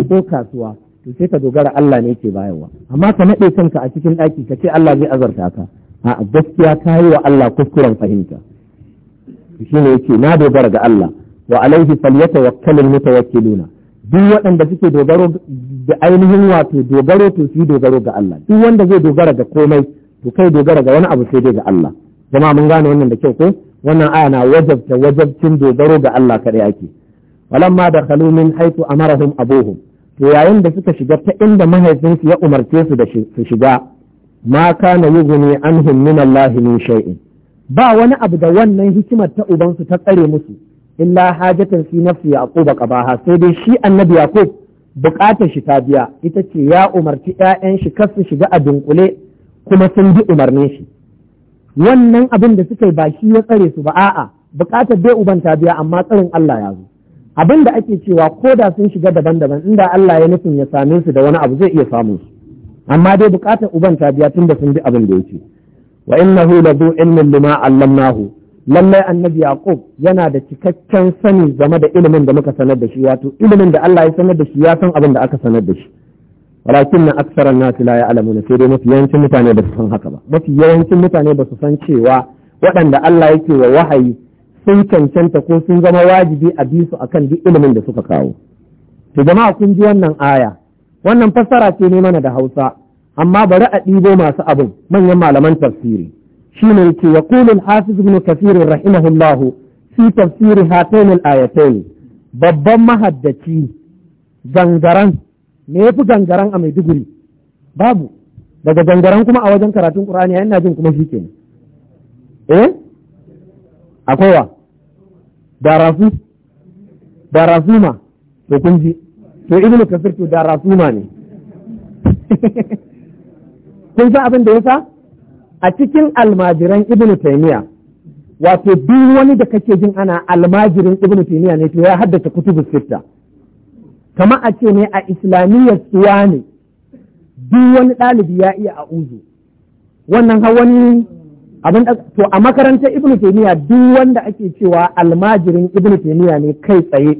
ko kasuwa to sai ka dogara Allah ne ke bayarwa amma ka nade kanka a cikin daki ka ce Allah zai azarta ka a gaskiya kayi wa Allah kuskuren fahimta shine yake na dogara ga Allah wa alaihi falyatawakkalul mutawakkiluna duk waɗanda suke dogaro da ainihin wato dogaro to su dogaro ga Allah duk wanda zai dogara ga komai to kai dogara ga wani abu sai dai ga Allah jama mun gane wannan da kyau ko wannan aya na wajabta wajabcin dogaro ga Allah kare ake walamma da khalu min haitu amarahum abuhum to yayin da suka shiga ta inda mahaifinsu ya umarce su da su shiga ma kana yughni anhum min Allah min shay'in ba wani abu da wannan hikimar ta ubansu ta tsare musu illa hajatan fi nafsi yaquba qabaha sai dai shi annabi yaqub bukatar shi ta biya ita ce ya umarci 'ya'yan shi kar su shiga a dunkule kuma sun bi umarnin shi wannan abin da suka yi ba shi ya tsare su ba a'a bukatar bai uban ta biya amma tsarin Allah ya zo abin da ake cewa ko da sun shiga daban-daban inda Allah ya nufin ya same su da wani abu zai iya samun su amma dai bukatar uban ta biya tun da sun bi abin da yake wa innahu ladhu ilmin lima hu? lallai annabi yaqub yana da cikakken sani game da ilimin da muka sanar da shi wato ilimin da Allah ya sanar da shi ya san abin da aka sanar da shi walakin na aksaran nasu la ya'lamuna sai dai mafi yawancin mutane ba su san haka ba mafi yawancin mutane ba su san cewa waɗanda Allah yake wa wahayi sun cancanta ko sun zama wajibi a bi su akan duk ilimin da suka kawo to jama'a kun ji wannan aya wannan fassara ce ne mana da Hausa amma bari a ɗibo masu abin manyan malaman tafsiri Shi ne yake ya kulul hafiz ibn kathir rahimahullahu fi tafsiri hatain ayatain babban mahaddaci gangaran me yafi gangaran a Maiduguri babu daga gangaran kuma a wajen karatun Qur'ani na jin kuma shi kenan eh akwai wa darasu darasuma to kun ji to ibnu kasir to darasuma ne kun san abin da yasa a cikin almajiran ibnu taymiya wato duk wani da kake jin ana almajirin ibnu taymiya ne to ya haddace kutubus sitta kama a ce ne a islamiyya tsuwa ne duk wani ɗalibi ya iya a uzu wannan har wani abin to a makarantar ibnu taymiya duk wanda ake cewa almajirin ibnu taymiya ne kai tsaye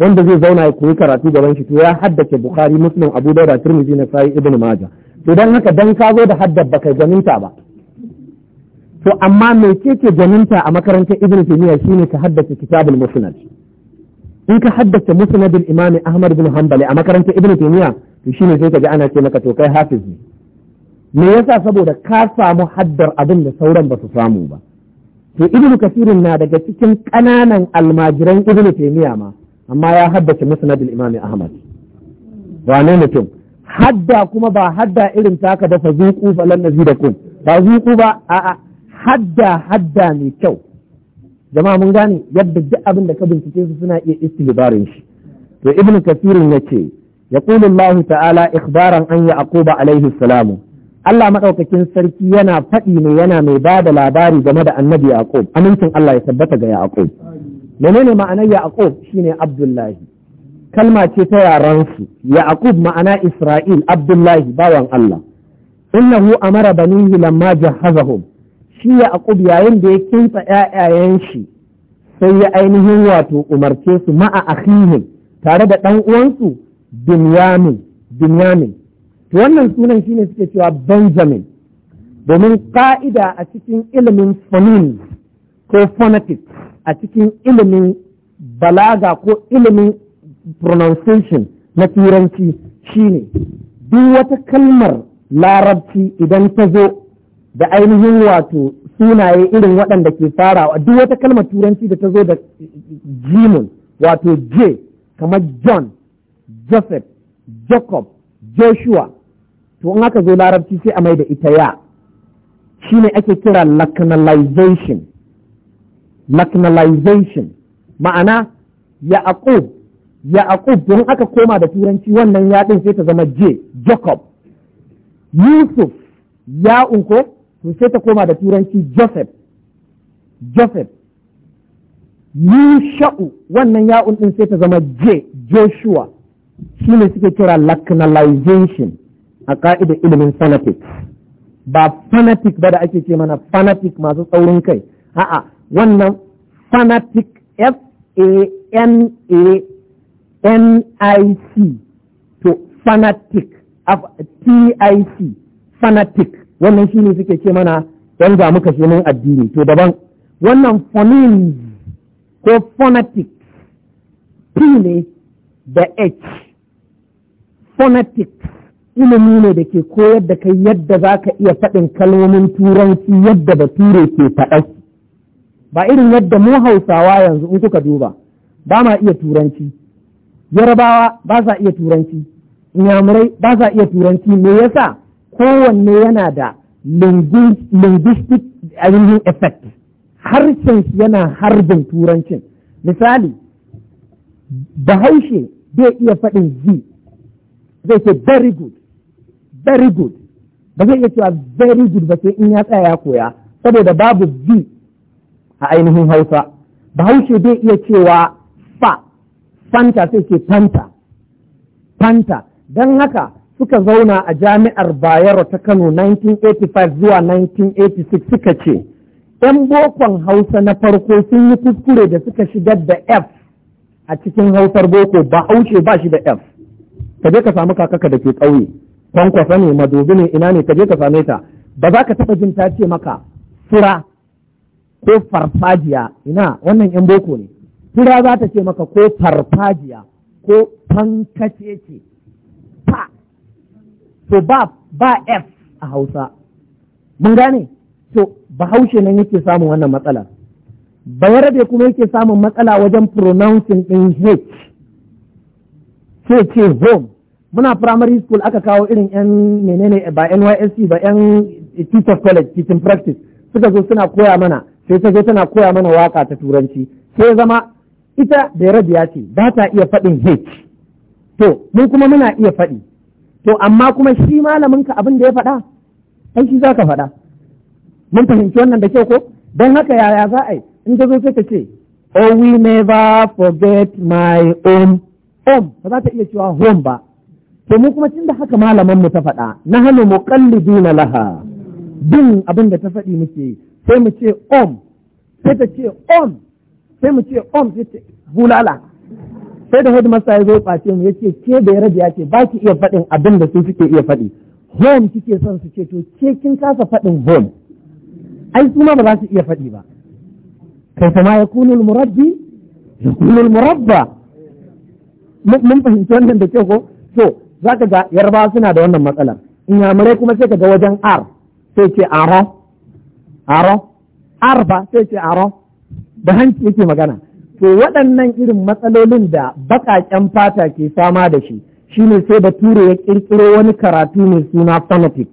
wanda zai zauna ya koyi karatu gaban shi to ya haddace bukhari muslim abu dauda tirmidhi na sai ibnu majah to haka dan ka zo da haddar kai ganinta ba to amma mai ce ke gwaninta a makarantar ibn taymiya shine ka haddace kitabul musnad in ka haddace musnadul imam ahmad bin hanbali a makarantar ibn taymiya to shine sai ka ga ana ce maka to kai hafiz ne me yasa saboda ka samu haddar abin da sauran ba su samu ba to ibn kasirin na daga cikin ƙananan almajiran ibn taymiya ma amma ya haddace musnadul imam ahmad wane mutum hadda kuma ba hadda irin taka da fazuku ba nazi da kun ba zuku ba a'a hadda hadda mai kyau jama'a mun gane yadda duk abin da ka bincike su suna iya istilibarin shi to ibnu kasirin yace yaqulu Allah ta'ala ikhbaran an yaquba alaihi salamu Allah madaukakin sarki yana faɗi ne yana mai ba da labari game da annabi yaqub amincin Allah ya tabbata ga yaqub menene ma'anar yaqub shine abdullahi kalma ce ta yaransu yaqub ma'ana isra'il abdullahi bawan allah innahu amara banihi lamma jahazahum shi yaqub yayin da ya kinsa ƴaƴayen shi sai ya ainihin wato umarce su ma'a akhihim tare da ɗan uwansu binyamin binyamin to wannan sunan shine suke cewa benjamin domin ka'ida a cikin ilimin phoneme ko phonetics a cikin ilimin balaga ko ilimin pronunciation na turanci shine duk wata kalmar larabci idan ta zo da ainihin wato sunaye irin waɗanda ke farawa duk wata kalmar turanci da ta zo da jimin wato j kamar john joseph jacob joshua to in aka zo larabci sai a mai da ita ya shine ake kira lakanalization lakanalization ma'ana yaqub Yaqub don aka koma da turanci wannan ya sai ta zama J Jacob Yusuf ya unko to sai ta koma da turanci Joseph Joseph Yusha'u wannan ya din sai ta zama J Joshua shine suke kira lacnalization a ka'ida ilimin fanatik ba fanatic ba da ake ce mana fanatic masu tsaurin kai a'a wannan fanatic F A N A NIC to fanatic TIC fanatic wannan shine suke ce mana yan ga muka shi addini to daban wannan phonemes ko phonetic P ne da H phonetic ilimi ne da ke koyar da kai yadda za ka iya faɗin kalmomin turanci yadda ture ke faɗa ba irin yadda mu hausawa yanzu in kuka duba ba ma iya turanci yarabawa ba za iya turanci inyamurai ba za iya turanci me yasa kowanne yana da linguistic ainihin effect harshen yana harbin turancin misali bahaushe bai iya faɗin z zai ce very good very good ba zai iya cewa very good ba sai in ya tsaya ya koya saboda babu z a ainihin hausa bahaushe bai iya cewa fanta sai ce fanta fanta don haka suka zauna a jami'ar bayero ta kano 1985 zuwa 1986 suka ce yan bokon hausa na farko sun yi kuskure da suka shigar da f a cikin hausar boko ba haushe ba shi da f ka je ka samu kakaka da ke ƙauye kwankwasa ne madobi ne ina ne ka je ka same ta ba za ka taɓa jin ta ce maka fura ko farfajiya ina wannan yan boko ne kura za ta ce maka ko farfajiya ko fankace ce fa to ba ba f a hausa mun gane to bahaushe nan yake samun wannan matsala bayarabe kuma yake samun matsala wajen pronouncing ɗin h ce ce home muna primary school aka kawo irin yan menene ba NYSC ba yan teacher college teaching practice suka zo suna koya mana sai ta zo tana koya mana waka ta turanci sai zama ita da ya ce ba ta iya faɗin h to mu kuma muna iya faɗi to amma kuma shi malamin ka abin da ya faɗa ai shi za faɗa mun fahimci wannan da kyau ko don haka yaya za a yi in ta zo sai ta ce oh we never forget my own home ba za ta iya cewa home ba to mu kuma tunda haka malaman mu ta faɗa na hannu mu na laha bin abin da ta faɗi muke sai mu ce om sai ta ce om sai mu ce om ce bulala sai da hudu masa ya zo ɓace mu ya ce ke bai rabi ya ce ba ki iya faɗin abin da su suke iya faɗi hom kike son su ce to ke kin kasa faɗin hom ai su ma ba za su iya faɗi ba kai kuma ya kunu murabbi ya kunu murabba mun fahimci wannan da kyau ko to ka ga yarba suna da wannan matsalar inyamurai kuma sai ka ga wajen r sai ce aro aro r ba sai ce aro da hanci yake magana to waɗannan irin matsalolin da baƙaƙen fata ke fama da shi shine sai da ture ya ƙirƙiro wani karatu mai suna fanatik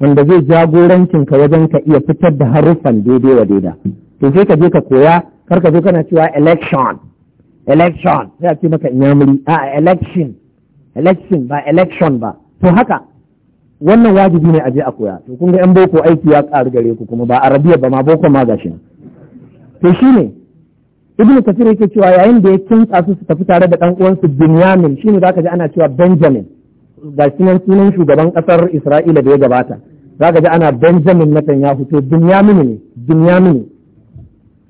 wanda zai jagorancin ka wajen ka iya fitar da haruffan daidai wa daida to sai ka je ka koya kar ka zo kana cewa election election sai a ce maka inyamuri a election election ba election ba to haka wannan wajibi ne a je a koya to kun ga yan boko aiki ya ƙaru gare ku kuma ba arabiya ba ma boko ma gashi shi. to ne ibnu kasir yake cewa yayin da ya kinsa su su tafi tare da dan uwansu binyamin shi za zaka ji ana cewa benjamin ga sunan sunan shugaban kasar isra'ila da ya gabata zaka ji ana benjamin netanyahu to binyamin ne binyamin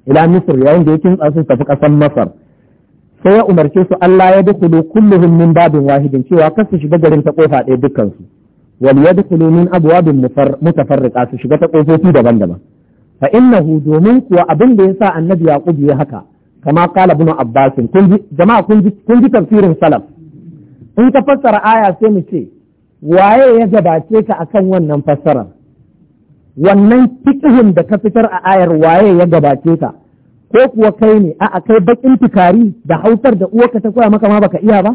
ila misr yayin da ya kinsa su tafi kasar masar sai ya umarce su Allah ya dukulu kulluhum min babin wahidin cewa kar su shiga garin ta kofa ɗaya dukkan su wal yadkhulu min abwabin mutafarriqa su shiga ta kofofi daban-daban fa innahu domin kuwa abin da sa annabi yaqub ya haka kama kala bin abbas kun jama'a kun ji tafsirin salaf in ka fassara aya sai mu ce waye ya gabace ka akan wannan fassarar wannan fiqhin da ka fitar a ayar waye ya gabace ka ko kuwa kai ne a'a kai bakin fikari da hausar da ka ta koya maka ma baka iya ba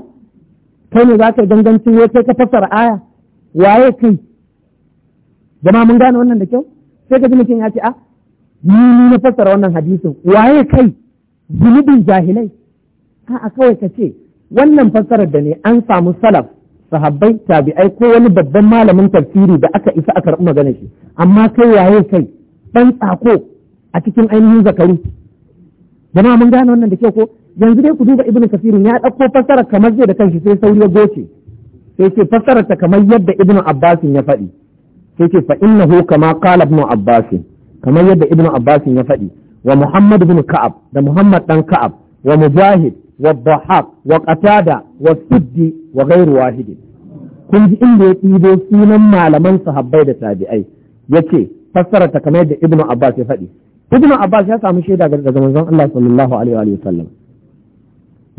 kai ne za ka gangancin wai kai ka fassara aya waye kai jama'a mun gane wannan da kyau sai ka ji mutum ya ce a ah, ni ni na fassara wannan hadisin waye kai zunubin jahilai a'a kawai ka ce wannan fassarar da ne an samu salaf sahabbai tabi'ai ko wani babban malamin tafsiri da aka isa a karɓi magana shi amma kai waye kai ɗan tsako a cikin ainihin zakaru jama'a mun gane wannan da ke ko yanzu dai ku duba ibnu kasirin ya ɗauko fassarar kamar zai da kanshi sai sauri ya goce sai ce fassarar ta kamar yadda ibnu abbasin ya faɗi sai ce fa innahu kama qala ibnu abbasin kamar yadda ibn abbas ya faɗi wa muhammad bin ka'ab da muhammad dan ka'ab wa mujahid wa dhahab wa qatada wa siddi wa ghairu wahid kun ji inda ya ɗibo sunan malaman sahabbai da tabi'ai yace fassara ta kamar yadda ibn abbas ya faɗi ibn abbas ya samu shaida daga manzon Allah sallallahu alaihi wa sallam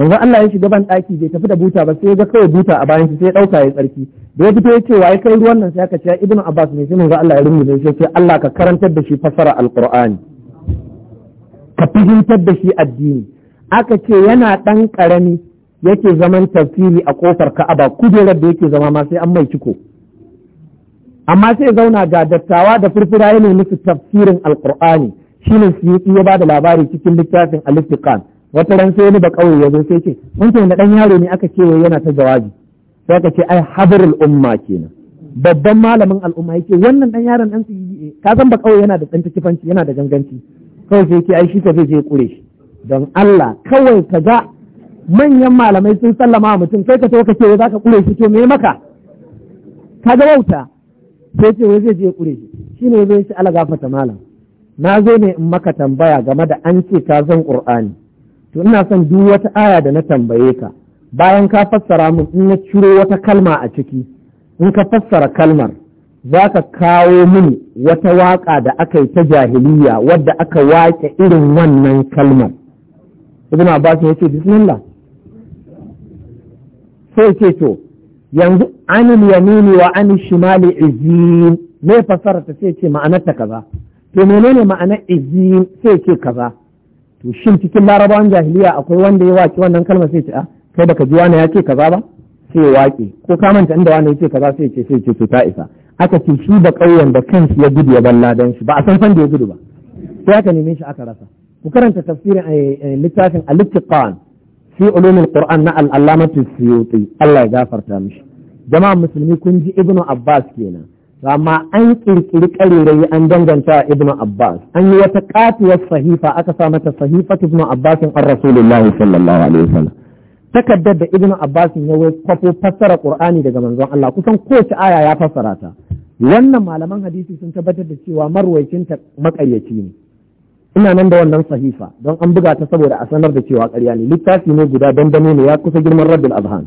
yanzu Allah ya shiga ban ɗaki bai tafi da buta ba sai ya ga kawai buta a bayan shi sai ya ɗauka ya tsarki da ya fito ya ce ya kai ruwan nan sai aka ce ibnu abbas ne sai manzo Allah ya rubuta ya ce Allah ka karantar da shi fasara alqur'ani ka fahimtar da shi addini aka ce yana dan karami yake zaman tafsiri a kofar Ka'aba kujerar da yake zama ma sai an mai ciko amma sai zauna ga dattawa da furfura ya nemi su tafsirin alqur'ani shine su ya ba da labari cikin littafin alif wata ran sai wani ba kauye ya zo sai ce ce da dan yaro ne aka ce yana ta jawabi sai aka ce ai habrul umma kenan babban malamin al'umma yake wannan dan yaron dan ka san ba kauye yana da dan tikifanci yana da ganganci kawai sai yake ai shi ta je kure shi don Allah kawai ka ga manyan malamai sun sallama wa mutum sai ka so ka ce za ka kure shi to me maka ka ga wauta sai ce wai zai je kure shi ne zai shi Allah gafata malam na zo ne in maka tambaya game da an ce ka san Qur'ani to ina son duk wata aya da na tambaye ka bayan ka fassara mun in na ciro wata kalma a ciki in ka fassara kalmar za ka kawo min wata waƙa da aka yi ta jahiliya wadda aka waƙe irin wannan kalmar ibn abbas ya ce bismillah sai ce to yanzu anil yamini wa anil shimali izin me fassara ta sai ce ma'anar ta kaza to menene ma'anar izin sai ce kaza to shin cikin larabawan jahiliya akwai wanda ya waki wannan kalma sai ce a ah, kai baka ji wani ya ce kaza ba sai ya waki ko ka manta inda wani ya ce kaza sai ce sai ce to ta isa aka ce shi ba ƙauyen da kansu ya gudu ya balla dan shi ba a san san da ya gudu ba sai aka neme shi aka rasa ku karanta tafsirin eh, eh, littafin al-ittiqan fi ulumul qur'an na al-allamatu suyuti Allah ya gafarta mishi jama'an musulmi kun ji ibnu abbas kenan amma an kirkiri karerai an danganta ibn abbas an yi wata katiyar sahifa aka sa mata sahifatu ibn abbas an rasulullahi sallallahu alaihi wasallam takaddar da Ibnu abbas ya wai kwafo fassara qur'ani daga manzon Allah kusan kowace aya ya fassara ta wannan malaman hadisi sun tabbatar da cewa marwaicin ta makaryaci ne ina nan da wannan sahifa don an buga ta saboda a sanar da cewa ƙarya ne littafi ne guda dandano ne ya kusa girman rabbul azhan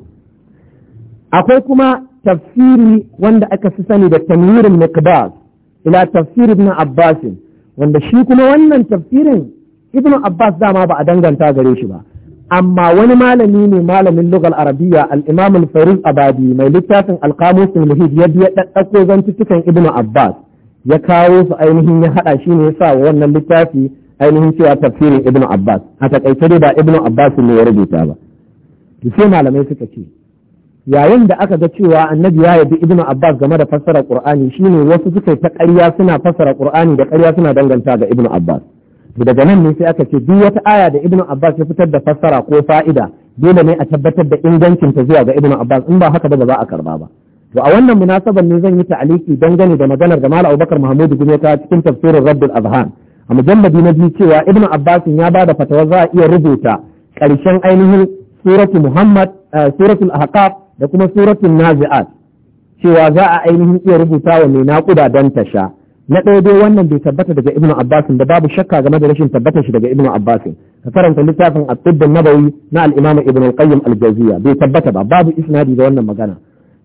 akwai kuma tafsiri wanda aka fi sani da tamirin miqdad ila tafsir ibn abbas wanda shi kuma wannan tafsirin ibn abbas dama ba a danganta gare shi ba amma wani malami ne malamin lugal arabiya al-imam al abadi mai littafin al-qamus al-muhid ya biya daddako zantuttukan ibn abbas ya kawo su ainihin ya hada shi ne yasa wannan littafi ainihin cewa tafsirin ibn abbas a takaice ba ibn abbas ne ya rubuta ba sai malamai suka ce yayin da aka ga cewa annabi ya yabi ibn abbas game da fassara qur'ani shine wasu suka ta ƙarya suna fassara qur'ani da ƙarya suna danganta ga ibn abbas daga nan ne sai aka ce duk wata aya da ibn abbas ya fitar da fassara ko fa'ida dole ne a tabbatar da ingancin ta zuwa ga ibn abbas in ba haka ba za a karba ba to a wannan munasabar ne zan yi ta'aliki dangane da maganar da malam abubakar mahmud gume ta cikin tafsirin rabbul azhan a mujalladi na biyu cewa ibn abbas ya ba da fatawa za a iya rubuta ƙarshen ainihin suratu muhammad eh, suratul ahqaf da kuma suratun nazi'at cewa za a ainihin iya rubuta wa mai naƙuda don ta sha na ɗaya dai wannan bai tabbata daga ibnu abbas da babu shakka game da rashin tabbatar shi daga ibnu Abbasin. ka karanta littafin at-tibb nabawi na al-imam ibnu al-qayyim al-jawziyya bai tabbata ba babu isnadi da wannan magana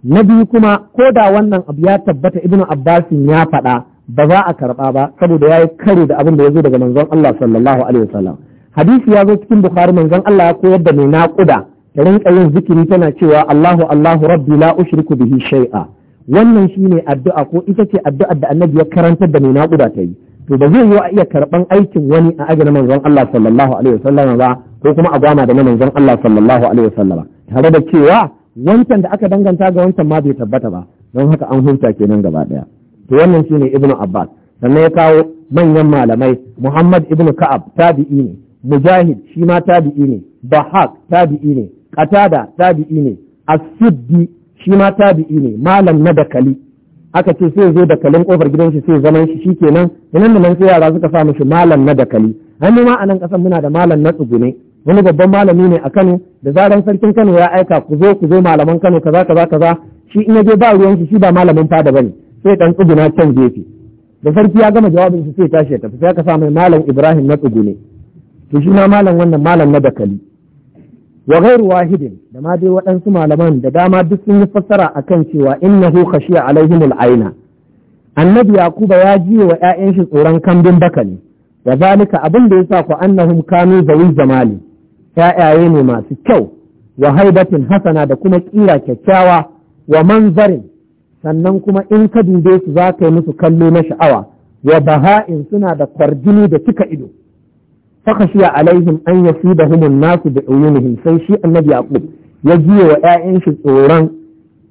na biyu kuma ko da wannan abu ya tabbata ibnu Abbasin ya faɗa ba za a karɓa ba saboda yi kare da abin da ya zo daga manzon Allah sallallahu alaihi wasallam hadisi ya zo cikin bukhari manzon Allah ya koyar da mai naƙuda ta rinka yin zikiri tana cewa Allahu Allahu rabbi la ushriku bihi shay'a wannan shine addu'a ko ita ce addu'ar da annabi ya karantar da mai naƙuda ta yi to ba zai yiwu a iya karɓan aikin wani a ajin manzon Allah sallallahu alaihi wasallam ba ko kuma a gwama da na manzon Allah sallallahu alaihi wasallam tare da cewa wancan da aka danganta ga wancan ma bai tabbata ba don haka an hurta kenan gaba daya to wannan shine ibnu abbas sannan ya kawo manyan malamai muhammad ibnu ka'ab tabi'i ne mujahid shi ma tabi'i ne bahaq tabi'i ne da tabi'i ne as-siddi shi ma tabi'i ne malam na dakali aka ce sai zo dakalin kofar gidan shi sai zaman shi shikenan inan nan sai yara suka sa mishi malam na dakali hannu ma a nan kasan muna da malam na tsugune wani babban malami ne a Kano da zaran sarkin Kano ya aika ku zo ku zo malaman Kano kaza kaza kaza shi in je ba ruwan shi shi ba malamin fada bane sai dan tsuguna can gefe da sarki ya gama jawabin shi sai tashi ya tafi sai aka sa mai malam Ibrahim na tsugune to shi ma malam wannan malam na dakali wa ghairu wahidin da ma dai waɗansu malaman da dama duk sun yi fassara akan cewa innahu khashiya alaihim al'aina annabi yakuba ya jiye wa 'ya'yan shi tsoron kambin bakali wa zalika abin da yasa ku annahum kanu zawi zamali Ya'yaye ne masu kyau wa haibatin hasana da kuma kira kyakkyawa wa manzarin sannan kuma in ka dube su za ka yi musu kallo na sha'awa wa baha'in suna da kwarjini da cika ido fakashiya alaihim an yasibahum da nas bi uyunihim sai shi annabi yaqub ya jiya wa 'ya'yan shi tsoron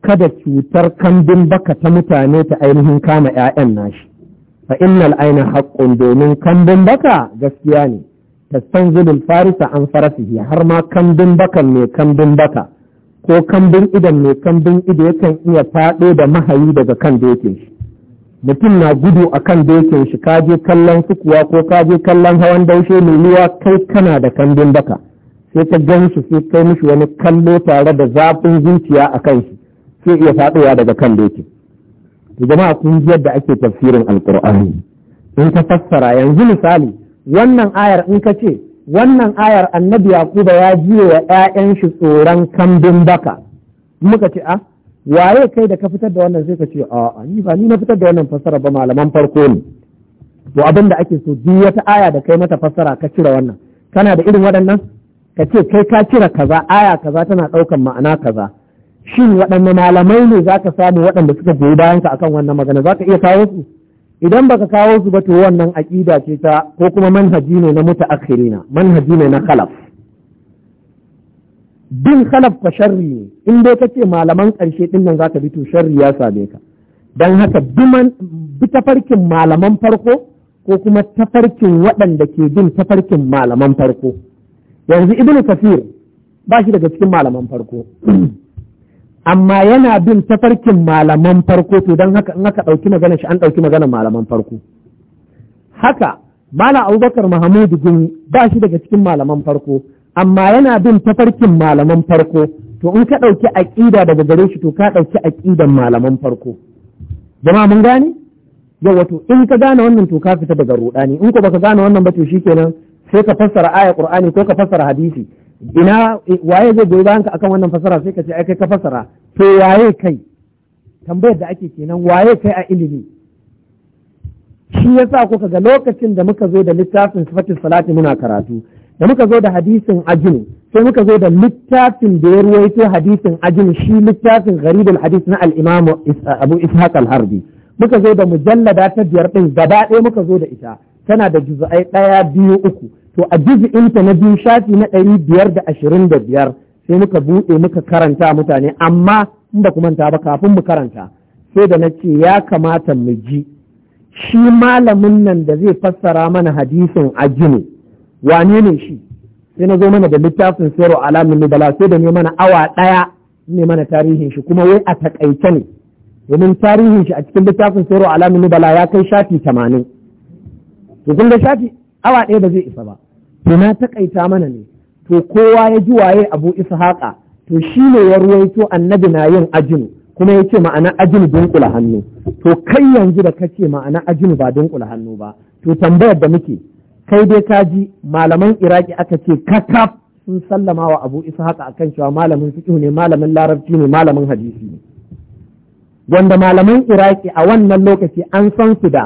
kada cutar kambin baka ta mutane ta ainihin kama 'ya'yan nashi fa innal aina haqqun domin kambin baka gaskiya ne tastanzilul farisa an farasihi har ma kambin bakan mai kambin baka ko kambin idan mai kambin ido yakan iya faɗo da mahayi daga kan dokin shi mutum na gudu a kan dokin shi kaje kallon sukuwa ko kaje kallon hawan daushe mai ruwa kai kana da kambin baka sai ka gan shi sai kai mishi wani kallo tare da zafin zuciya a kan shi sai iya faɗowa daga kan dokin to jama'a kun ji yadda ake tafsirin alqur'ani in ka fassara yanzu misali wannan ayar in ka ce wannan ayar annabi yakuba ya jiye wa 'ya'yan shi tsoron kambin baka muka ce a ah, waye kai da ka fitar da wannan sai ka ce a ni ba ni na fitar da wannan fassara ba malaman farko ne to abin da ake so duk wata aya da kai mata fassara ka cire wannan kana da irin waɗannan ka ce kai ka cire kaza aya kaza tana ɗaukan ma'ana kaza shin waɗanne malamai ne za ka samu waɗanda suka goyi bayan ka akan wannan magana za ka iya kawo su idan baka kawo su ba to wannan aƙida ce ta ko kuma manhaji ne na akhirina manhaji ne na khalaf bin salaf fa sharri ne in dai kace malaman ƙarshe din nan zaka bi to sharri ya same ka dan haka biman bi tafarkin malaman farko ko kuma tafarkin waɗanda ke bin tafarkin malaman farko yanzu ibnu kafir ba shi daga cikin malaman farko amma yana bin tafarkin malaman farko to dan haka in aka ɗauki magana shi an ɗauki maganar malaman farko haka mala abubakar mahamudu gumi ba shi daga cikin malaman farko amma yana bin tafarkin malaman farko to in ka ɗauki aƙida daga gare shi to ka ɗauki aƙidan malaman farko jama mun gane yau wato in ka gane wannan to ka fita daga ruɗani in ko baka gane wannan ba to kenan sai ka fassara aya qur'ani ko ka fassara hadisi ina waye zai goyi bayan ka akan wannan fassara sai ka ce ai kai ka fassara to waye kai tambayar da ake kenan waye kai a ilimi shi yasa kuka ga lokacin da muka zo da littafin sifatin salati muna karatu da muka zo da hadisin ajin sai muka zo da littafin da ya ruwaito hadisin ajin shi littafin gharibul hadis na al-imam Abu Ishaq al-Harbi muka zo da mujallada ta biyar din gaba ɗaya muka zo da ita tana da juz'ai ɗaya biyu uku to a juz'inta na biyu shafi na ɗari biyar da ashirin da biyar sai muka buɗe muka karanta mutane amma in ba ku manta ba kafin mu karanta sai da na ce ya kamata mu ji shi malamin nan da zai fassara mana hadisin ajinu wane ne shi sai na zo mana da littafin sayarwa alamun nubala sai da ne mana awa ɗaya ne mana tarihin shi kuma wai a takaice ne domin tarihin shi a cikin littafin sayarwa alamun nubala ya kai shafi tamanin to kun da shafi awa ɗaya ba zai isa ba to na takaita mana ne to kowa ya ji waye abu haƙa to shi ne ya ruwaito annabi na yin ajin kuma ya ce ma'ana ajin dunkula hannu to kai yanzu da kace ma'ana ajin ba dunkula hannu ba to tambayar da muke kai dai ka ji malaman iraki aka ce kakaf sun sallama wa abu isa haka a kan cewa malamin fiƙi ne malamin larabci ne malamin hadisi ne wanda malaman iraki a wannan lokaci an san su da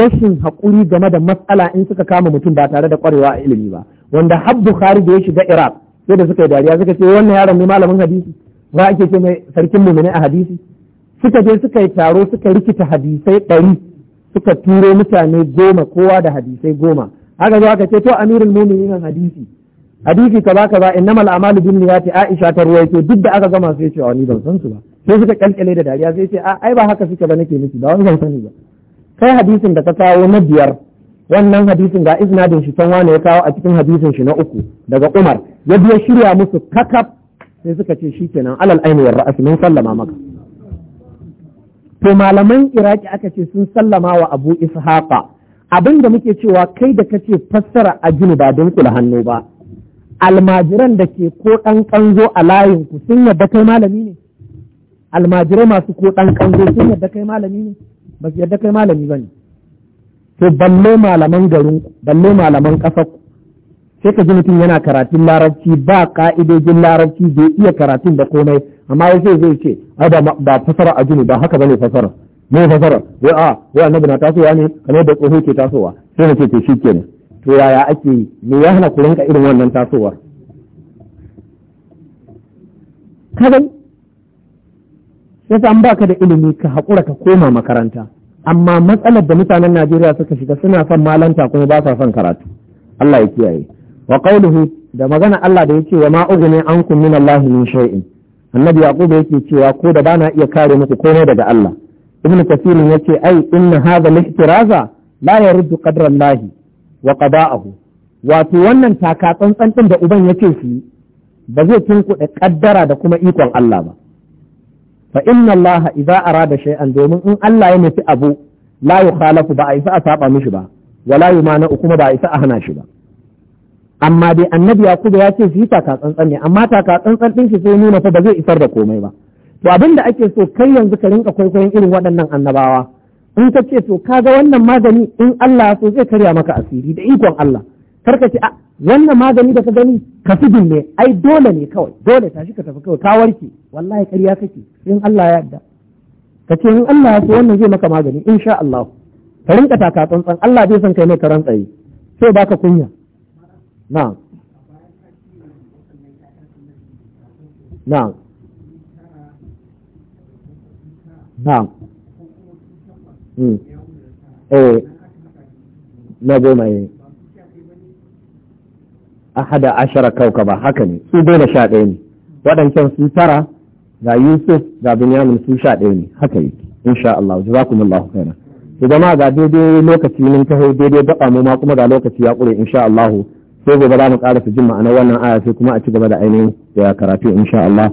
rashin haƙuri game da matsala in suka kama mutum ba tare da ƙwarewa a ilimi ba wanda har bukhari da ya shiga iraq sai da suka yi dariya suka ce wannan yaron ne malamin hadisi ba ake ce mai sarkin mumini a hadisi suka je suka yi taro suka rikita hadisai ɗari suka turo mutane goma kowa da hadisai goma haka zo aka ce to amirul mu'minin hadisi hadisi kaza kaza innamal a'malu binniyati Aisha ta ruwaito duk da aka gama sai ce wani ban san su ba sai suka kalkale da dariya sai ce ai ba haka suke ba nake miki ba wani sani ba kai hadisin da ka kawo na biyar wannan hadisin ga isnadin shi can wane ya kawo a cikin hadisin shi na uku daga Umar ya biya shirya musu kakaf sai suka ce shikenan alal aini war ra'as mun sallama maka to malaman Iraki aka ce sun sallama wa Abu Ishaqa abin da muke cewa kai da kace fassara a gini ba don kula hannu ba almajiran da ke ko ɗan ƙanzo a layin ku sun yadda kai malami ne almajirai masu ko ɗan ƙanzo sun yadda kai malami ne ba su yadda kai malami ba ne to balle malaman garin balle malaman ƙasar sai ka ji mutum yana karatun larabci ba ka'idojin larabci bai iya karatun da komai amma sai zai ce ai ba fasara gini ba haka bane fasara me fasara ya a ya annabi na tasowa ne kamar da tsoho ke tasowa sai na ce to shikenan to yaya ake yi me ya hana ku rinka irin wannan tasowar Ya yasa ba baka da ilimi ka haƙura ka koma makaranta amma matsalar da mutanen Najeriya suka shiga suna son malanta kuma ba sa son karatu Allah ya kiyaye wa qauluhu da magana Allah da yake wa ma ughni ankum min Allah min shay'in annabi yaqub yake cewa ko da bana iya kare muku komai daga Allah ibn ya ce ai inna hadha al-ihtiraza la yaruddu qadra Allah wa qada'ahu wato wannan taka tsantsan ɗin da uban ya yace shi ba zai tunkuɗe ƙaddara da kuma ikon Allah ba fa inna Allah idza arada shay'an domin in Allah ya nufi abu la yukhalafu ba a isa a saba mishi ba wala yumana kuma ba a isa a hana shi ba amma dai annabi yakubu ya ce su yi taka tsantsan ne amma taka tsantsan din shi sai nuna fa ba zai isar da komai ba to abin da ake so kai yanzu ka rinka kwaikwayon irin waɗannan annabawa in ka ce to kaga wannan magani in Allah so zai karya maka asiri da ikon Allah kar ka ce a ah, wannan magani da ka gani ka fi ne ai dole ne kawai dole tashi ka tafi kawai ka warke wallahi karya kake in Allah ya yarda ka ce in Allah ya so wannan zai maka magani insha Allah ka rinka taka tsantsan Allah bai san kai ne ka rantsaye sai baka kunya na'am na'am ha hmm. eh na goma ne ahada ashara ba haka ne su goma sha ɗaya ne waɗancan su tara ga yusuf ga binyamin su sha ɗaya ne haka yi. yake insha Allah jazakumullahu khairan to jama'a ga daidai lokaci mun taho daidai gaba mu ma kuma ga lokaci ya ƙure insha Allah sai gobe za mu ƙara su jin ma'anar wannan ayyafi kuma a ci gaba da ainihin da karatu insha Allah